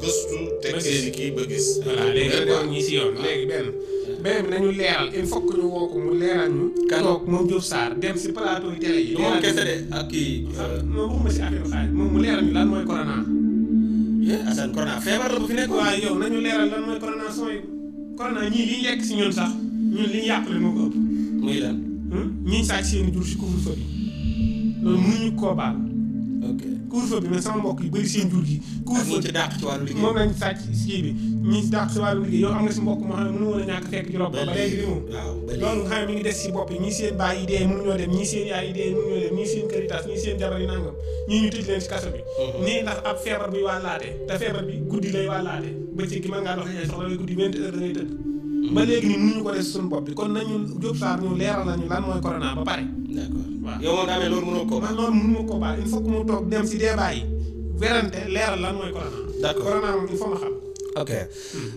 gëstu teg seeni kii ba gis. voilà léegi nga ñi si yoon léegi benn. Ah. benn bi nañu leeral il faut que woo ko mu leeral ñu. kan moom Diouf Sarr dem si plateau télé yi. moom kese de ak kii. Euh, moom mu leeral ñu lan mooy corona. yéen hmm? eh, Assane corona feebar la nekk. waaw yow nañu leeral lan mooy corona sooy. corona ñii liñ lekk si ñun sax ñun liñ yàqule moo ko ëpp. muy lan. Hmm? ñiñ sàcc seen jur si couvre-feu bi. loolu mënuñu koo baal. ok couvre bi mais sama mbokk yu bëri seen jur gi. couvre-feu ci dàq ci wàllu liggéey moom lañ sàcc si kii bi ñi si dàq si wàllu liggéey yow am na si mbokk moo xam ne mënu woon a ñàkk fekk ci rob ba léegi di moom si bopp yi ñu tëj leen si kaso bi mhm. nii ndax ab feebar buy wàllaatee te feebar bi guddi lay wàllaatee bëccëg gi mën ngaa dox ay soxla lay guddi mhm. ko des suñu bopp bi kon nañu Diop Sarr ñu leeral nañu lan mooy corona ba pare d'accord waaw yow moom daa mel loolu mënoo ko. man loolu mënuma ko baal il faut que mu toog dem si débat yi werante leeral lan mooy corona. d'accord corona moom il faut ma xam. ok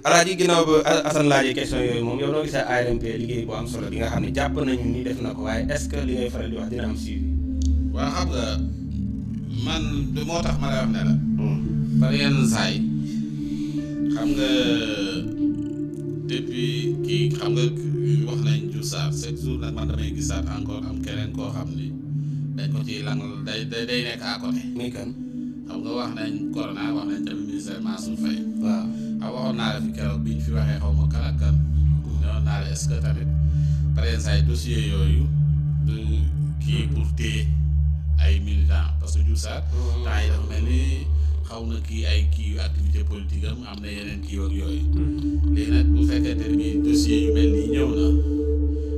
alaaji ginnaaw ba Assane laajee question yooyu moom yow noo gisee ARMP liggéey bu am solo bi nga xam ne jàpp nañu ni def na ko waaye est-ce que li ngay faral di wax dina am suivi. waaw xam nga man du moo tax ma lay wax ne la. Hmm. par yenn saa yi xam nga depuis kii xam nga wax nañ. Diouf Sarr chaque jour nag man damay gisaat encore am keneen koo xam ni dañ ko ciy lang day day nekk à côté. muy kan. xam nga wax nañ corona wax nañ tamit ministère Mansour Faye. waaw xam ah, waxoon naa la fi keroog bi ñu fi waxee xaw ma kan ak naa la est tamit par ay dossiers yooyu kii pour téye ay militants parce que Diouf Sarr. Mm-hmm. temps yi dafa mel ni. xaw na ki ay kii activité politique am na yeneen kii yooyu mm-hmm. léegi nag bu fekkente ni dossier yu mel nii ñëw na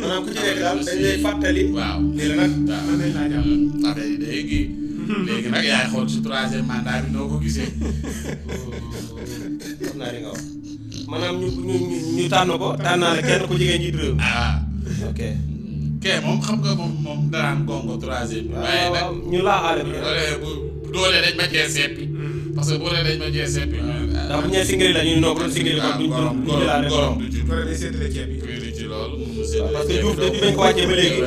maanaam ku ci nekk daal dañ lay fàttali. waaw mm, léegi nag. yaay xool si troisième mandat bi noo ko gisee. xam naa ñu ñu ñu tànn ko tànnaale kenn ku jigéen ñi réew. ah ok. Mm, moom xam nga moom moom daraan gongo troisième. waaye ah, nag ñu laaxaale ko. bu doole dañ ma cee seppi. Mm. parce que bu doole dañ ma cee seppi. Ah. ndax bu ñu nee singiri la ñu noo ko singiri. waaw ah, gorom gorom du ci gorom du ci. parce que Diouf depuis bañ ko wàccee ba léegi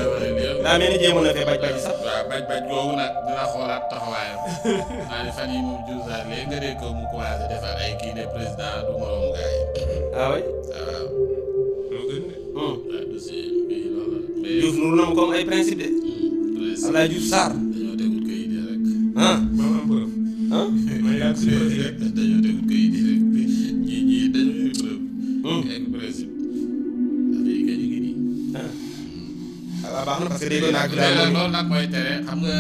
daa mel ni jéemoon na fee baj baj sax. waaw baj baj googu nag dina xoolaat taxawaayam naa ne fan yii moom Diouf Sarr léegi nga dégg ko mu commencé defar ay kii ne président du moromu gars yi. ah oui. waaw. moo gën de. Oh. waaw dossier bi loolu la. Diouf nuru na mu comme ay principe de. Hmm, principe Abdoulaye Diouf Sarr. dañoo tegul ko idée rek. ah ma am preuve. ah ma yaa ngi si preuve rek dañoo tegul ko idée rek ñii ñii dañoo preuve. Hmm. ak principe. liggéey liggéey yi. na parce que loolu nag mooy tere xam nga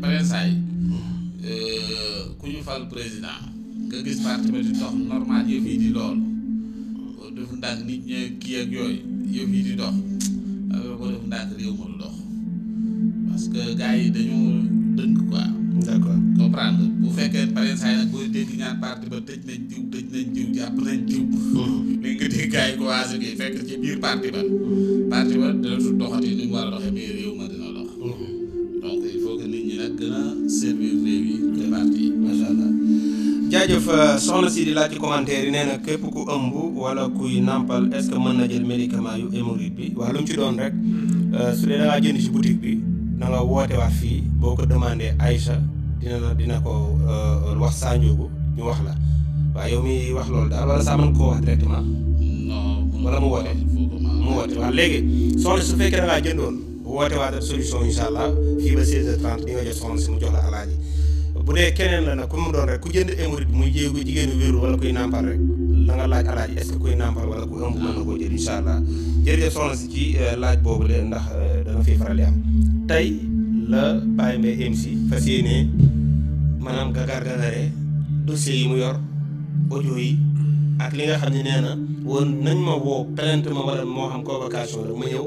beneen hmm. euh, nga gis parti bi di dox normal yëf di lool def ndànk nit ñi kii ak yooyu yëf di dox ah, boo def ndànk réew ma dox parce que yi dañoo dënk quoi. d' accord comprendre bu fekkee pare saa yi nag booy dégg ñaan parti ba tëj nañ jiw tëj nañ jiw jàpp nañ jiw. Mm-hmm. li nga dégg gars yi commencé bi fekk ci biir parti ba. Mm-hmm. parti ba dootu doxati ni mu war a doxee réew ma dina dox. Mm-hmm. donc il faut que nit ñi nag gën a servir réew yi te parti yi macha jaajëf euh, soxna si di laaj ci commentaire yi nee na képp ku ëmb wala kuy nàmpal est ce que mën na jël médicament yu hémorroïde bi waa lu mu ci doon rek euh, su dee da jënd ci boutique bi. na woote waat fii boo ko demandé Aïcha dina la dina ko euh, euh, wax saa Ndiogou ñu wax la waaye yow mi wax loolu daal wala saa mën koo wax directement. non mu woote. mu woote waaw léegi soxna su fekkee da woote waat solution incha allah fii ba 16h30 di si mu jox la alaaji bu dee keneen la nag ku mu doon rek ku jënd émoride muy jéegu jigéenu wéeru wala kuy nàmpal rek la nga laaj alaaji est-ce que kuy nàmpal wala ku ëmb mën na jël incha allah jërëjëf soxna si ci euh, laaj boobu de ndax dana fi faral di am. tey la Baye Mbaye MC fas yéene maanaam gagargagare dossier yi mu yor audio yi ak li nga xam ne nee na woon nañ ma woo plainte ma wala moo xam convocation la ma ñëw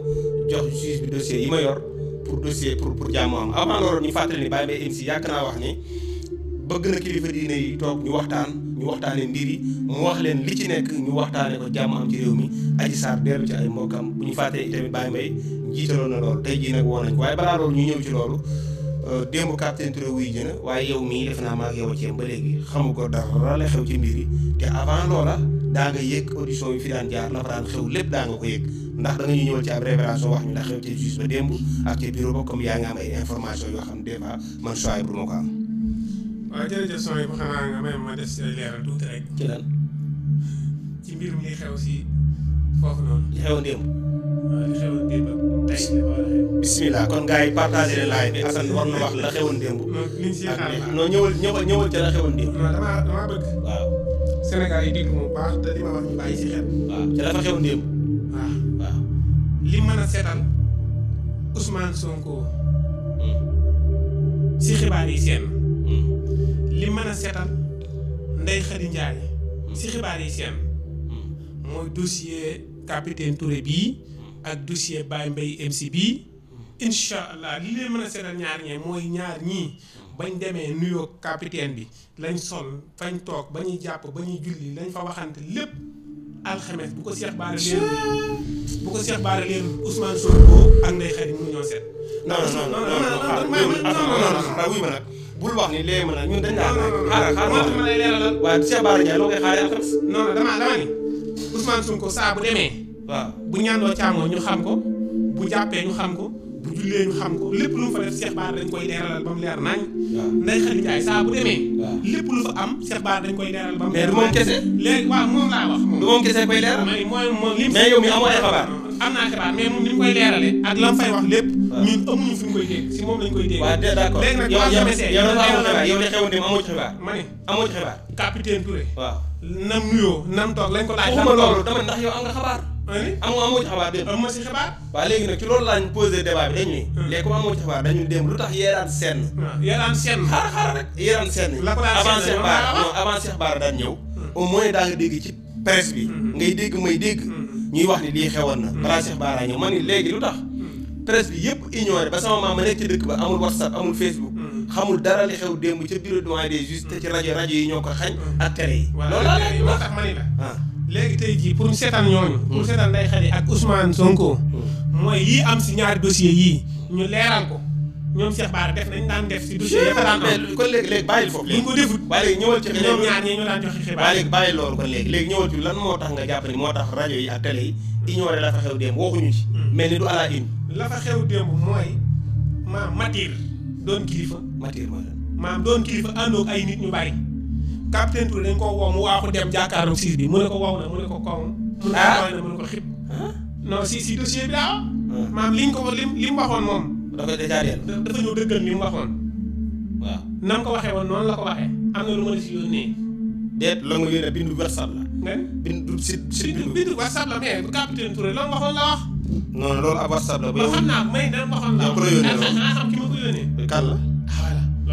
jox juge bi dossier yi ma yor pour dossier pour pour jàmm am avant loolu ñu fàttali ni Baye Mbaye MC naa wax ni bëgg na kilifa diine yi toog ñu waxtaan. ñu waxtaanee mbir yi mu wax leen li ci nekk ñu waxtaanee ko jàmm am ci réew mi Adji Sarr dellu ci ay mbokkam bu ñu fàttee itamit Baye Mbaye jiitaloon na loolu tey jii nag woo nañ waaye balaa loolu ñu ñëw ci loolu euh, démb capitaine Touré wuy jëna waaye yow mii def naa ma yow ceeb ba léegi xamu ko dara la xew ci mbir yi te avant loola daa nga yëg audition yi fi daan jaar la daan xew lépp daa nga ko yëg ndax da nga ñëw ñëwal ci ab révélation wax ñu ndax xew ci juge nga am ay yoo xam ne des fois man choix waaw jërëjëf sooy bu xanaa nga may ma des leeral tuuti rek. ci lan. ci mbir mi xew si foofu noonu. li xew démb. waaw kon gars yi partagé leen laay bi Assane war wax la xewoon la non ñëwal ñëwal ñëwal ca la xewoon démb. non damaa damaa bëgg. waaw. Sénégal yi déglu mu baax te li ma wax bàyyi si xel. waaw ca la fa xewoon waaw waaw. li mën a seetal Ousmane Sonko. Hmm. si xibaar seen. li mën a seetal Ndeye Ndiaye si xibaar yi seen mooy dossier capitaine Touré bi ak dossier Baye Mbaye MC bii incha li leen mën sétal ñaar ñee moy ñaar ñi bañ démé New York capitaine bi lañ sol fañ tok ba japp jàpp julli lañ fa waxante lepp alxames bu ko Cheikh Bara leen bu ko Cheikh Bara leen ak Ndeye Khady mënu ñoo seet. non non dama ni Ousmane Sonko saa bu demee waaw bu ñaandoo càmmooñ ñu xam ko bu jàppee ñu xam ko jullee ñu xam ko lépp lu mu fa def Cheikh Bara dañ koy leeralal ba mu leer nañ. waaw Ndeye Khady Ndiaye saa bu demee. lépp lu fa am Cheikh Bara dañ koy leeral ba mu. mais du moom kese. léegi waaw moom laa wax. moom li mu. mais yow moom ni koy la mu dégg si moom lañ koy dégg. waaw d' accord léegi nag waa GMC. yow dafa amul xibaar yow li xewoon dem amoo ci xibaar. ma ne amoo ci xibaar. capitaine Touré. nam nuyoo nam toog lañ ko laaj. waxuma loolu dama ndax yow am nga xabaar ani am nga amoo ci xabaar démb. loolu laa posé débat bi dañu ne. léegi lu tax yeeraan seen. waaw yeeraan seen. xaaral xaaral la ko daan seen avant Cheikh Bara non avant Cheikh daa nga dégg ci presse bi. ngay dégg may dégg. ñuy wax ni lii xewoon na. balaa Cheikh Bara ñëw ma léegi lu tax. yëpp ignoré ba sama maam ma nekk ci dëkk ba amul whatsapp amul facebook. xamul dara li xew démb ca bureau doyen des juges ci rajo rajo yi ñoo ko xañ. ak tere yi. loolu laa lay wax tax ma ni la ah. léegi tey jii pour seetaan ñooñu. pour seetaan day xale ak Ousmane Sonko. mooy yii am si ñaari dossier yii ñu leeral ko ñoom Cheikh Bara def nañ daan def si dossier yëpp daan am kon léegi léegi bàyyil foofu léegi ñu ko defut waaye léegi ñëwal ci ñi bàyyi loolu kon léegi léegi ñëwal ci lan moo tax nga jàpp ni moo tax rajo yi ak télé yi ignoré la fa xew démb waxuñu ci mel hmm. ni du ala une la fa xew démb mooy maam matir doon kilifa matir mooy lan maam doon kilifa àndoog ay nit ñu bari capitaine Touré dañ koo woo mu waaxu dem jàkkaaroog siis bi mu ne ko wow na mu ne ko koŋ. mu ne ko wow na mu ne ko xib. non si si dossier bi daaw. maam liñ ko lim li mu waxoon moom. dafa dèjà dellu. dafa ñëw dëggal li mu waxoon. waaw nan ko waxee woon noonu la ko waxee. am na lu ma la si yónnee. déet la nga yónnee bindu WhatsApp la. nga bindu si si bindu. bindu WhatsApp la mais capitaine Touré la mu waxoon la wax. non loolu ab WhatsApp la. ba xam naa may nan waxoon la wax. yow ku la yónnee ah, ah, loolu ah, xam ki ma ko yónnee. kan la.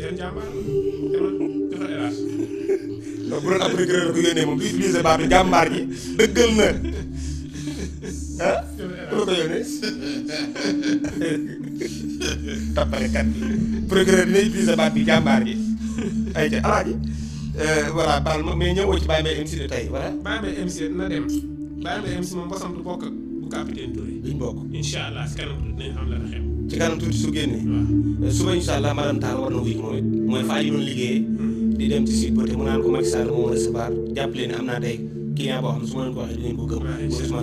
jërëjëf jàmbaar loolu bu doon après gërëm ah? la ko yónnee moom bu utilisé bi jàmbaar ji ay ca alaaji eh, voilà baal ma mais ñëwoo ci Baye Mbaye MC de tey voilà. Baye Mbaye MC na dem Baye Mbaye MC moom bosamtu bokk ak bu capitaine Touré. bokk incha allah si kanam dinañ xam ci kanam tuuti su génnee euh, suba incha allah madame war na wuy moom mooy faa yi liggéeyee hmm. di dem ci sud bëte mu naan ko Macky Sall moo mën a sabar jàpp leen am naa tey client boo xam su ma leen ko waxee dinañ ko gëm Ousmane ba euh,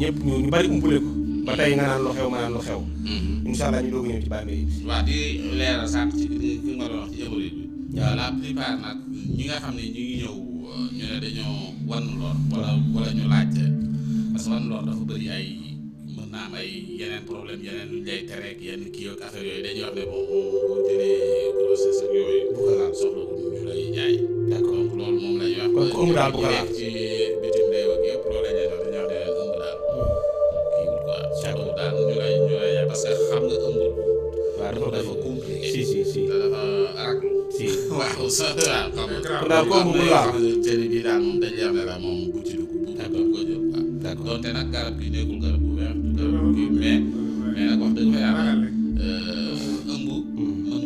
ñëpp ñu ñu bari tey nga naan lu xew ma naan lu xew hmm. incha allah ñu ñëw ci bàmmeel yi di leeral sànq ci fi nga doon wax ci émoride bi waaw la plupart nag ñi nga xam ne ñu ngi ñëw euh, ñu ne dañoo wan lor wala wala ñu laajte parce que wan lor dafa bëri ay mën naa am ay yeneen problème yeneen luñ lay tere yenn kii ak affaire yooyu dañuy wax ne bon boo jëlee grossesse ak yooyu bu ko laal soxla ñu lay jaay. d'accord loolu moom la ñuy wax. comme daal bu ko waaw xam nga kooku muy wax cëri bi daal moom dañuy am ne la moom bu ci dugg bu ko ko jël quoi. d'accord donte nag garab gi nekkul garab bu weex du garab bu kii mais mais nag wax dëgg fa yàlla ëmb. mën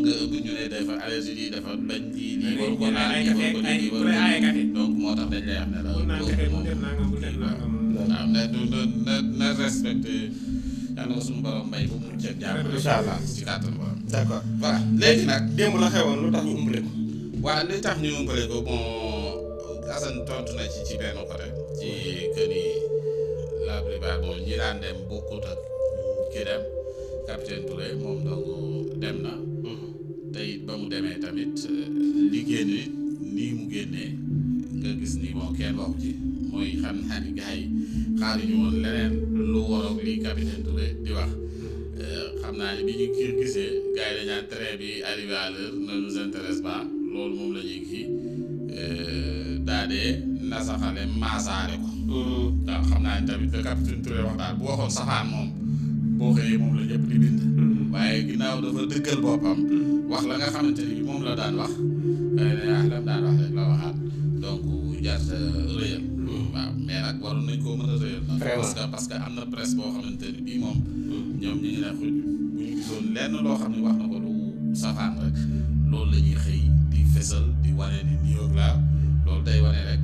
nga ëmb ñu ne dafa allergie yi dafa bañ lii lii waru ko naan lii waru ko lii waru ko donc moo tax dañ lay am ne la loolu moom waaw na na na respecté yàlla na suñu borom mbay ba mu jël jàpp. incha allah ci kàttan borom. d'accord voilà léegi nag démb la xewoon lu tax ñu ëmb rek. waa li tax ñu umpale ko bon Assane tontu na ci ci benn côté ci que ni la plupart bon ñi daan dem bokkut ak ki dem capitaine Touré moom donc dem na. Mm-hmm. te ba mu demee tamit li génne nii mu génnee nga gis ni bon kenn waxu ci mooy xam naa ni gars yi xaaruñu leneen lu waroon li capitaine Touré di wax. Mm-hmm. Euh, xam naa ne bi ñu kii gisee gars yi dañaan bi arrivé à l'heure intéresse pas. loolu moom la kii euh, daa dee nasaxale maasaare ko. Mm-hmm. waaw xam naa ni tamit le capitaine Touré wax daal bu waxoon safaan moom boo xëyee moom la ñëpp di bind. Mm-hmm. waaye ginnaaw dafa dëggal boppam. Mm-hmm. wax la nga xamante ni moom la daan wax. waaye lam daan wax rek la waxaat donc jar rëyal. waaw mais nag waroon nañ koo mën a rëyal. parce que am na presse boo xamante ni moom. ñoom ñu ngi ne lenn loo xam ne wax na ko lu safaan rek loolu la xëy. fesal di wane ni nii ak laa loolu day wane rek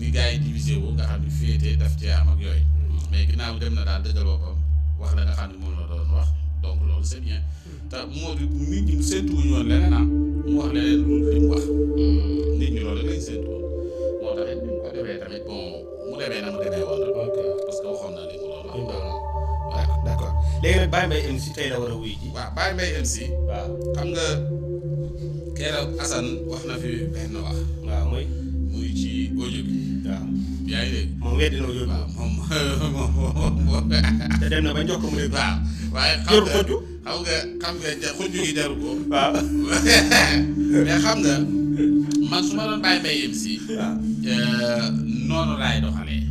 ni gars yi divisé wu nga xam ne que daf cee am ak yooyu mais ginnaaw dem na daal dëggal boppam wax la nga xam ne moom la doon wax donc loolu c'est bien te moo di nit ñi séntu wuñu woon leneen am mu wax leneen lu mu wax nit ñi loolu não séntu não moo tax it ñu ko não tamit bon mu não na mu demee não rek parce que não na li mu não wax. não accord não nag MC tey la war MC. keroog Assane wax na fi benn wax. waaw mooy. muy ci audio bi. waaw moom weddi na ba jox ko mu dégg. waaw waaye xam nga xam nga xam ko. waaw. xam nga man su doon bàyyi mbay yem euh, noonu laay doxalee.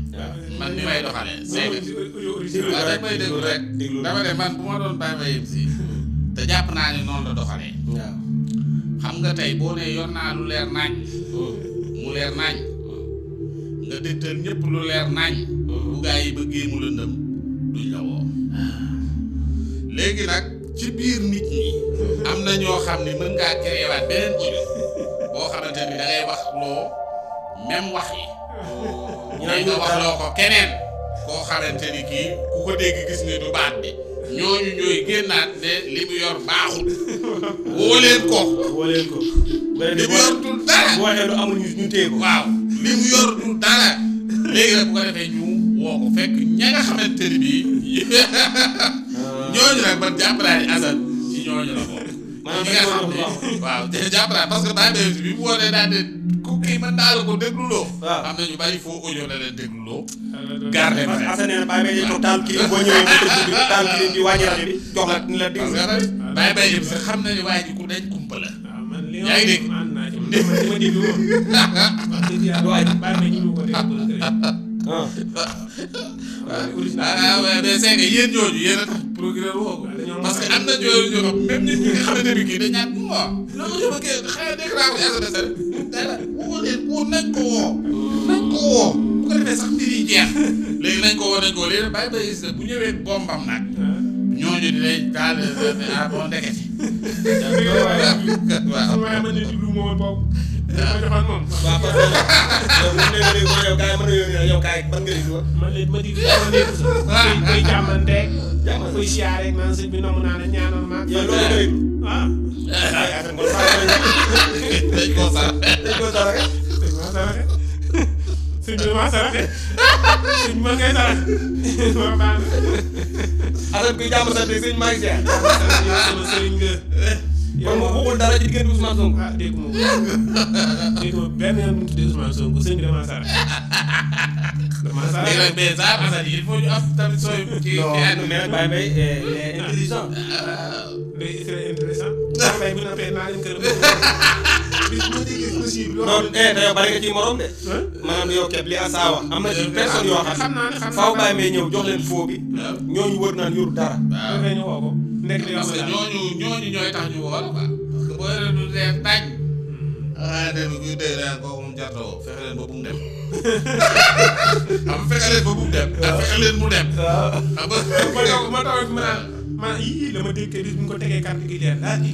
man ni may doxalee. c'est que waaw rek rek. dama ne man bu doon bàyyi mbay yem te jàpp naa ne noonu la doxalee. xam nga tey boo nee yor naa lu leer nañ mu leer nañ nga dégtal ñëpp lu leer nañ bu gaa yi bëggee lëndëm duñ la woo léegi nag ci biir nit ñi am na ñoo xam ne mën ngaa créewaat beneen unité boo xamante ni da wax loo même wax yi ñu nga wax loo ko keneen koo xamante ni kii ku ko dégg gis ne du baat bi ñooñu ñooy génnaat ne li mu yor baaxul. woo leen ko. woo leen ko. li mu yor du dara boo waxee lu amul ñu téye ko. waaw li mu yor du dara. léegi nag bu ko defee ñu woo ko fekk ña nga xamante ni bii ñooñu nag man jàpp naa ne Assane ci ñooñu la ko. maanaam ñi nga xam ne waaw jàpp naa parce que bàyyi bi mu wootee daal de. kay man naa la ko dégluloo. waaw ah. am ñu bàyyi foo audio la leen dégluloo. Ah, garde ma parce que nee na bàyyi bay toog taal kii boo ñëwee ba tëj bi taal kii di wàññi rajo bi jox la ni la ah, xam na ne waa ji ku dañ kumpa la. yaa ngi dégg ñu ñu ko a tax procureur xam même nit ñi nga xamante ne oh, a dara waxoo leen woo nañ ko woo. nañ ko woo bu ko defee sax mbir yi jeex léegi nañ ko woo nañ ko woo léegi bàyyi bu ñëwee bombam nag. ñooñu di lay daal ah bon ndekete. waaw waaw waaw man de jublu ma woon boobu. waaw parce que yow bu ñu nee yow kaay mën na yónnee yow kaay ban nga di ko. man léegi ma di di ma nekk sax. koy koy jàmmanteeg. jàmmanteeg koy siyaare ak naan sëñ bi nomm naa la ñaanal ma. yow loolu nga yëg. waaw. ay affaire kon faa yore rek. dañ koo sara. dañ koo sara rek. dañ koo sara rek. sëñ bi damaa sara rek. sëñ bi ma ngay sara. ma baal. affaire bi jàmm sant sëñ maa ngi siyaar. sëñ bi yow sama sëriñ nga. yow moom waxul dara ci diggante Ousmane Sonko ah dégg moom dégg moom benn yoon mu tuddee Ousmane Sonko sëñ bi damaa sara ah, ñu am tamit sooy ci mais Baye eh, ah. bu nappee eh, yow képp li asaawa am na euh, ci personne yoo xam ne. faaw Baye ñëw jox leen foo bi. ñooñu wër naan yoru dara. waaw nekk li nga xam ne ñooñu ñooñu ñooy tax ñu woo la quoi. parce que du leer tàñ. ah dem kuy tey ren kooku moom jarta woo leen ba dem. xam nga leen ba bu mu dem. waaw ah. leen mu dem. xam ah. nga. Ah, ma taw ma ma yii la ma déggee bu ñu ko tegee carte gi la mu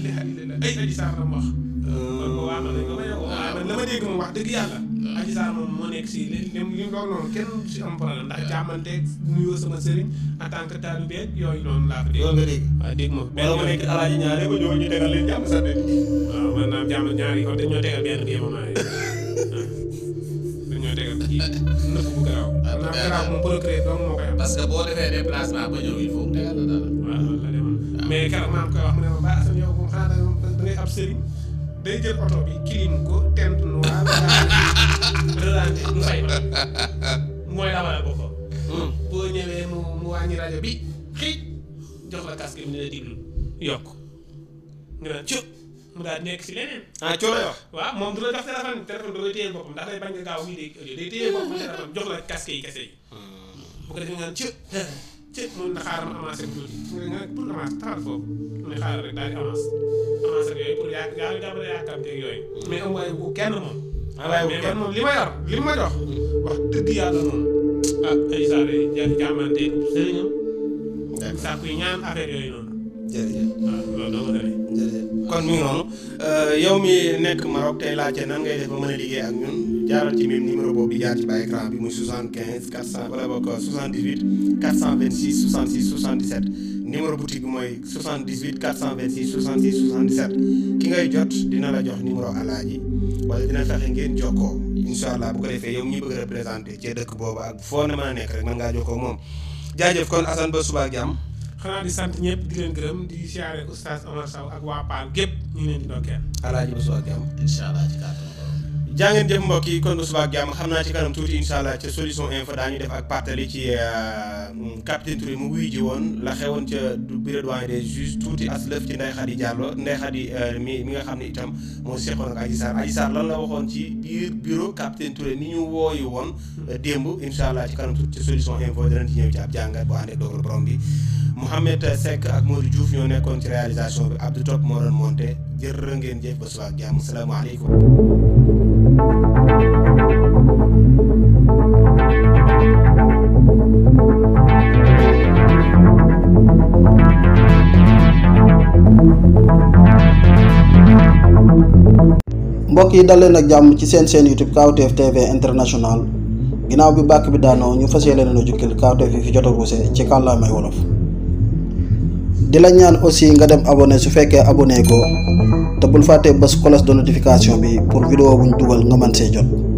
wax. kon waa ma ne dégg moom wax dëgg yàlla. Adji Sarr moom moo nekk si li li mu loolu noonu kenn si am problème ndax jàmmanteeg nuyoo sama sëriñ en tant que taalibe beeg yooyu noonu laa ko dégg. loolu nga dégg waaw dégg moom. benn mu nekk alaaji ñaar rek ba ñëw ñu tegal leen jàmm sax de. waaw man naam jàmm ñaar yi kon dañoo tegal benn bi yemamaay rek dañoo tegal kii nëb bu garaaw. waaw ah, ndax garaaw moom procréé doom moo koy am. parce que boo defee déplacement ba ñëw il faut mu tegal la dara. waaw loolu la demoon ah. mais keroog maa ngi koy wax mu ne ma baax na yow moom xanaa da ngay ab sëriñ day jël oto bi kilim ko tent noir relante mu fay ma mooy dawalal boppam hmm. boo ñëwee mu mu wàññi rajo bi xiij jox la casque bi ne la diglu yokk nga naan cëp mu daal nekk si leneen ah coono waaw moom du la jox téléphone téléphone da koy téye boppam ndax day bañ nga gaaw muy day téye boppam téléphone jox la casque yi kese yi hmm. bu ko defee nga naan cëp ci mun na xaaral ma avancé tuuti mu ne nag pour avancé taxal foofu mu ne xaaral rek daal di avancé avancé ak yooyu pour yaa yaa ngi jàppale yaakamteeg yooyu. mais envoyé kenn moom. envoyé wu kenn moom li ma yor li ma jox. wax dëgg yàlla moom. ah ay saa yu ñaan affaire yooyu noonu. jërëjëf waaw loolu kon mi ngi noonu euh, yow mi nekk Maroc tey laajte nan ngay def ba mën a liggéey ak ñun jaaral ci même numéro boobu di jaar ci bas écran bi muy 75 400 wala boog 78 426 66 ki ngay jot dina la jox numéro alaaji wala dina fexe ngeen jokkoo incha allah bu ko defee yow ñi bëgg représenté ci dëkk boobu ak foo na mën a nekk rek mën ngaa jokkoo moom jaajëf kon Assane ba suba ak xanaa di sant ñëpp di leen gërëm di siyaare oustaz Omar Sow ak waa Paal gépp ñu ngi leen di ndokkeel. alaaji ba jàmm. incha ci kàttan borom. jaa ngeen jëf mbokk yi kon ba suba jàmm xam naa ci kanam tuuti incha allah ca solution info ak partali ci euh, capitaine Touré mu wuy woon la ca bureau doyen des juges tuuti as lëf ci Ndeye Khady Diallo Ndeye Khady euh, mi itam moo seqoon ak Adji Sarr la waxoon ci biir ni ñu woon euh, démb incha allah ci solution info danañ ci ñëw ci ab jàngat bu ànd ak dogal borom bi Mouhamed Seck ak nekkoon ci bi Abdou Top moo ngeen jëf ba mbokk yi dal leen jàmm ci seen seen YouTube Kawtef TV international ginnaaw bi bàkk bi daanoo ñu fas yéene na jukkil Kawtef yi fi jot a ruuse ci kàllaamay wolof di la ñaan aussi nga dem abonné su fekkee abonné ko te bul fàtte bés cloche de notification bi pour vidéo buñ dugal nga mën see jot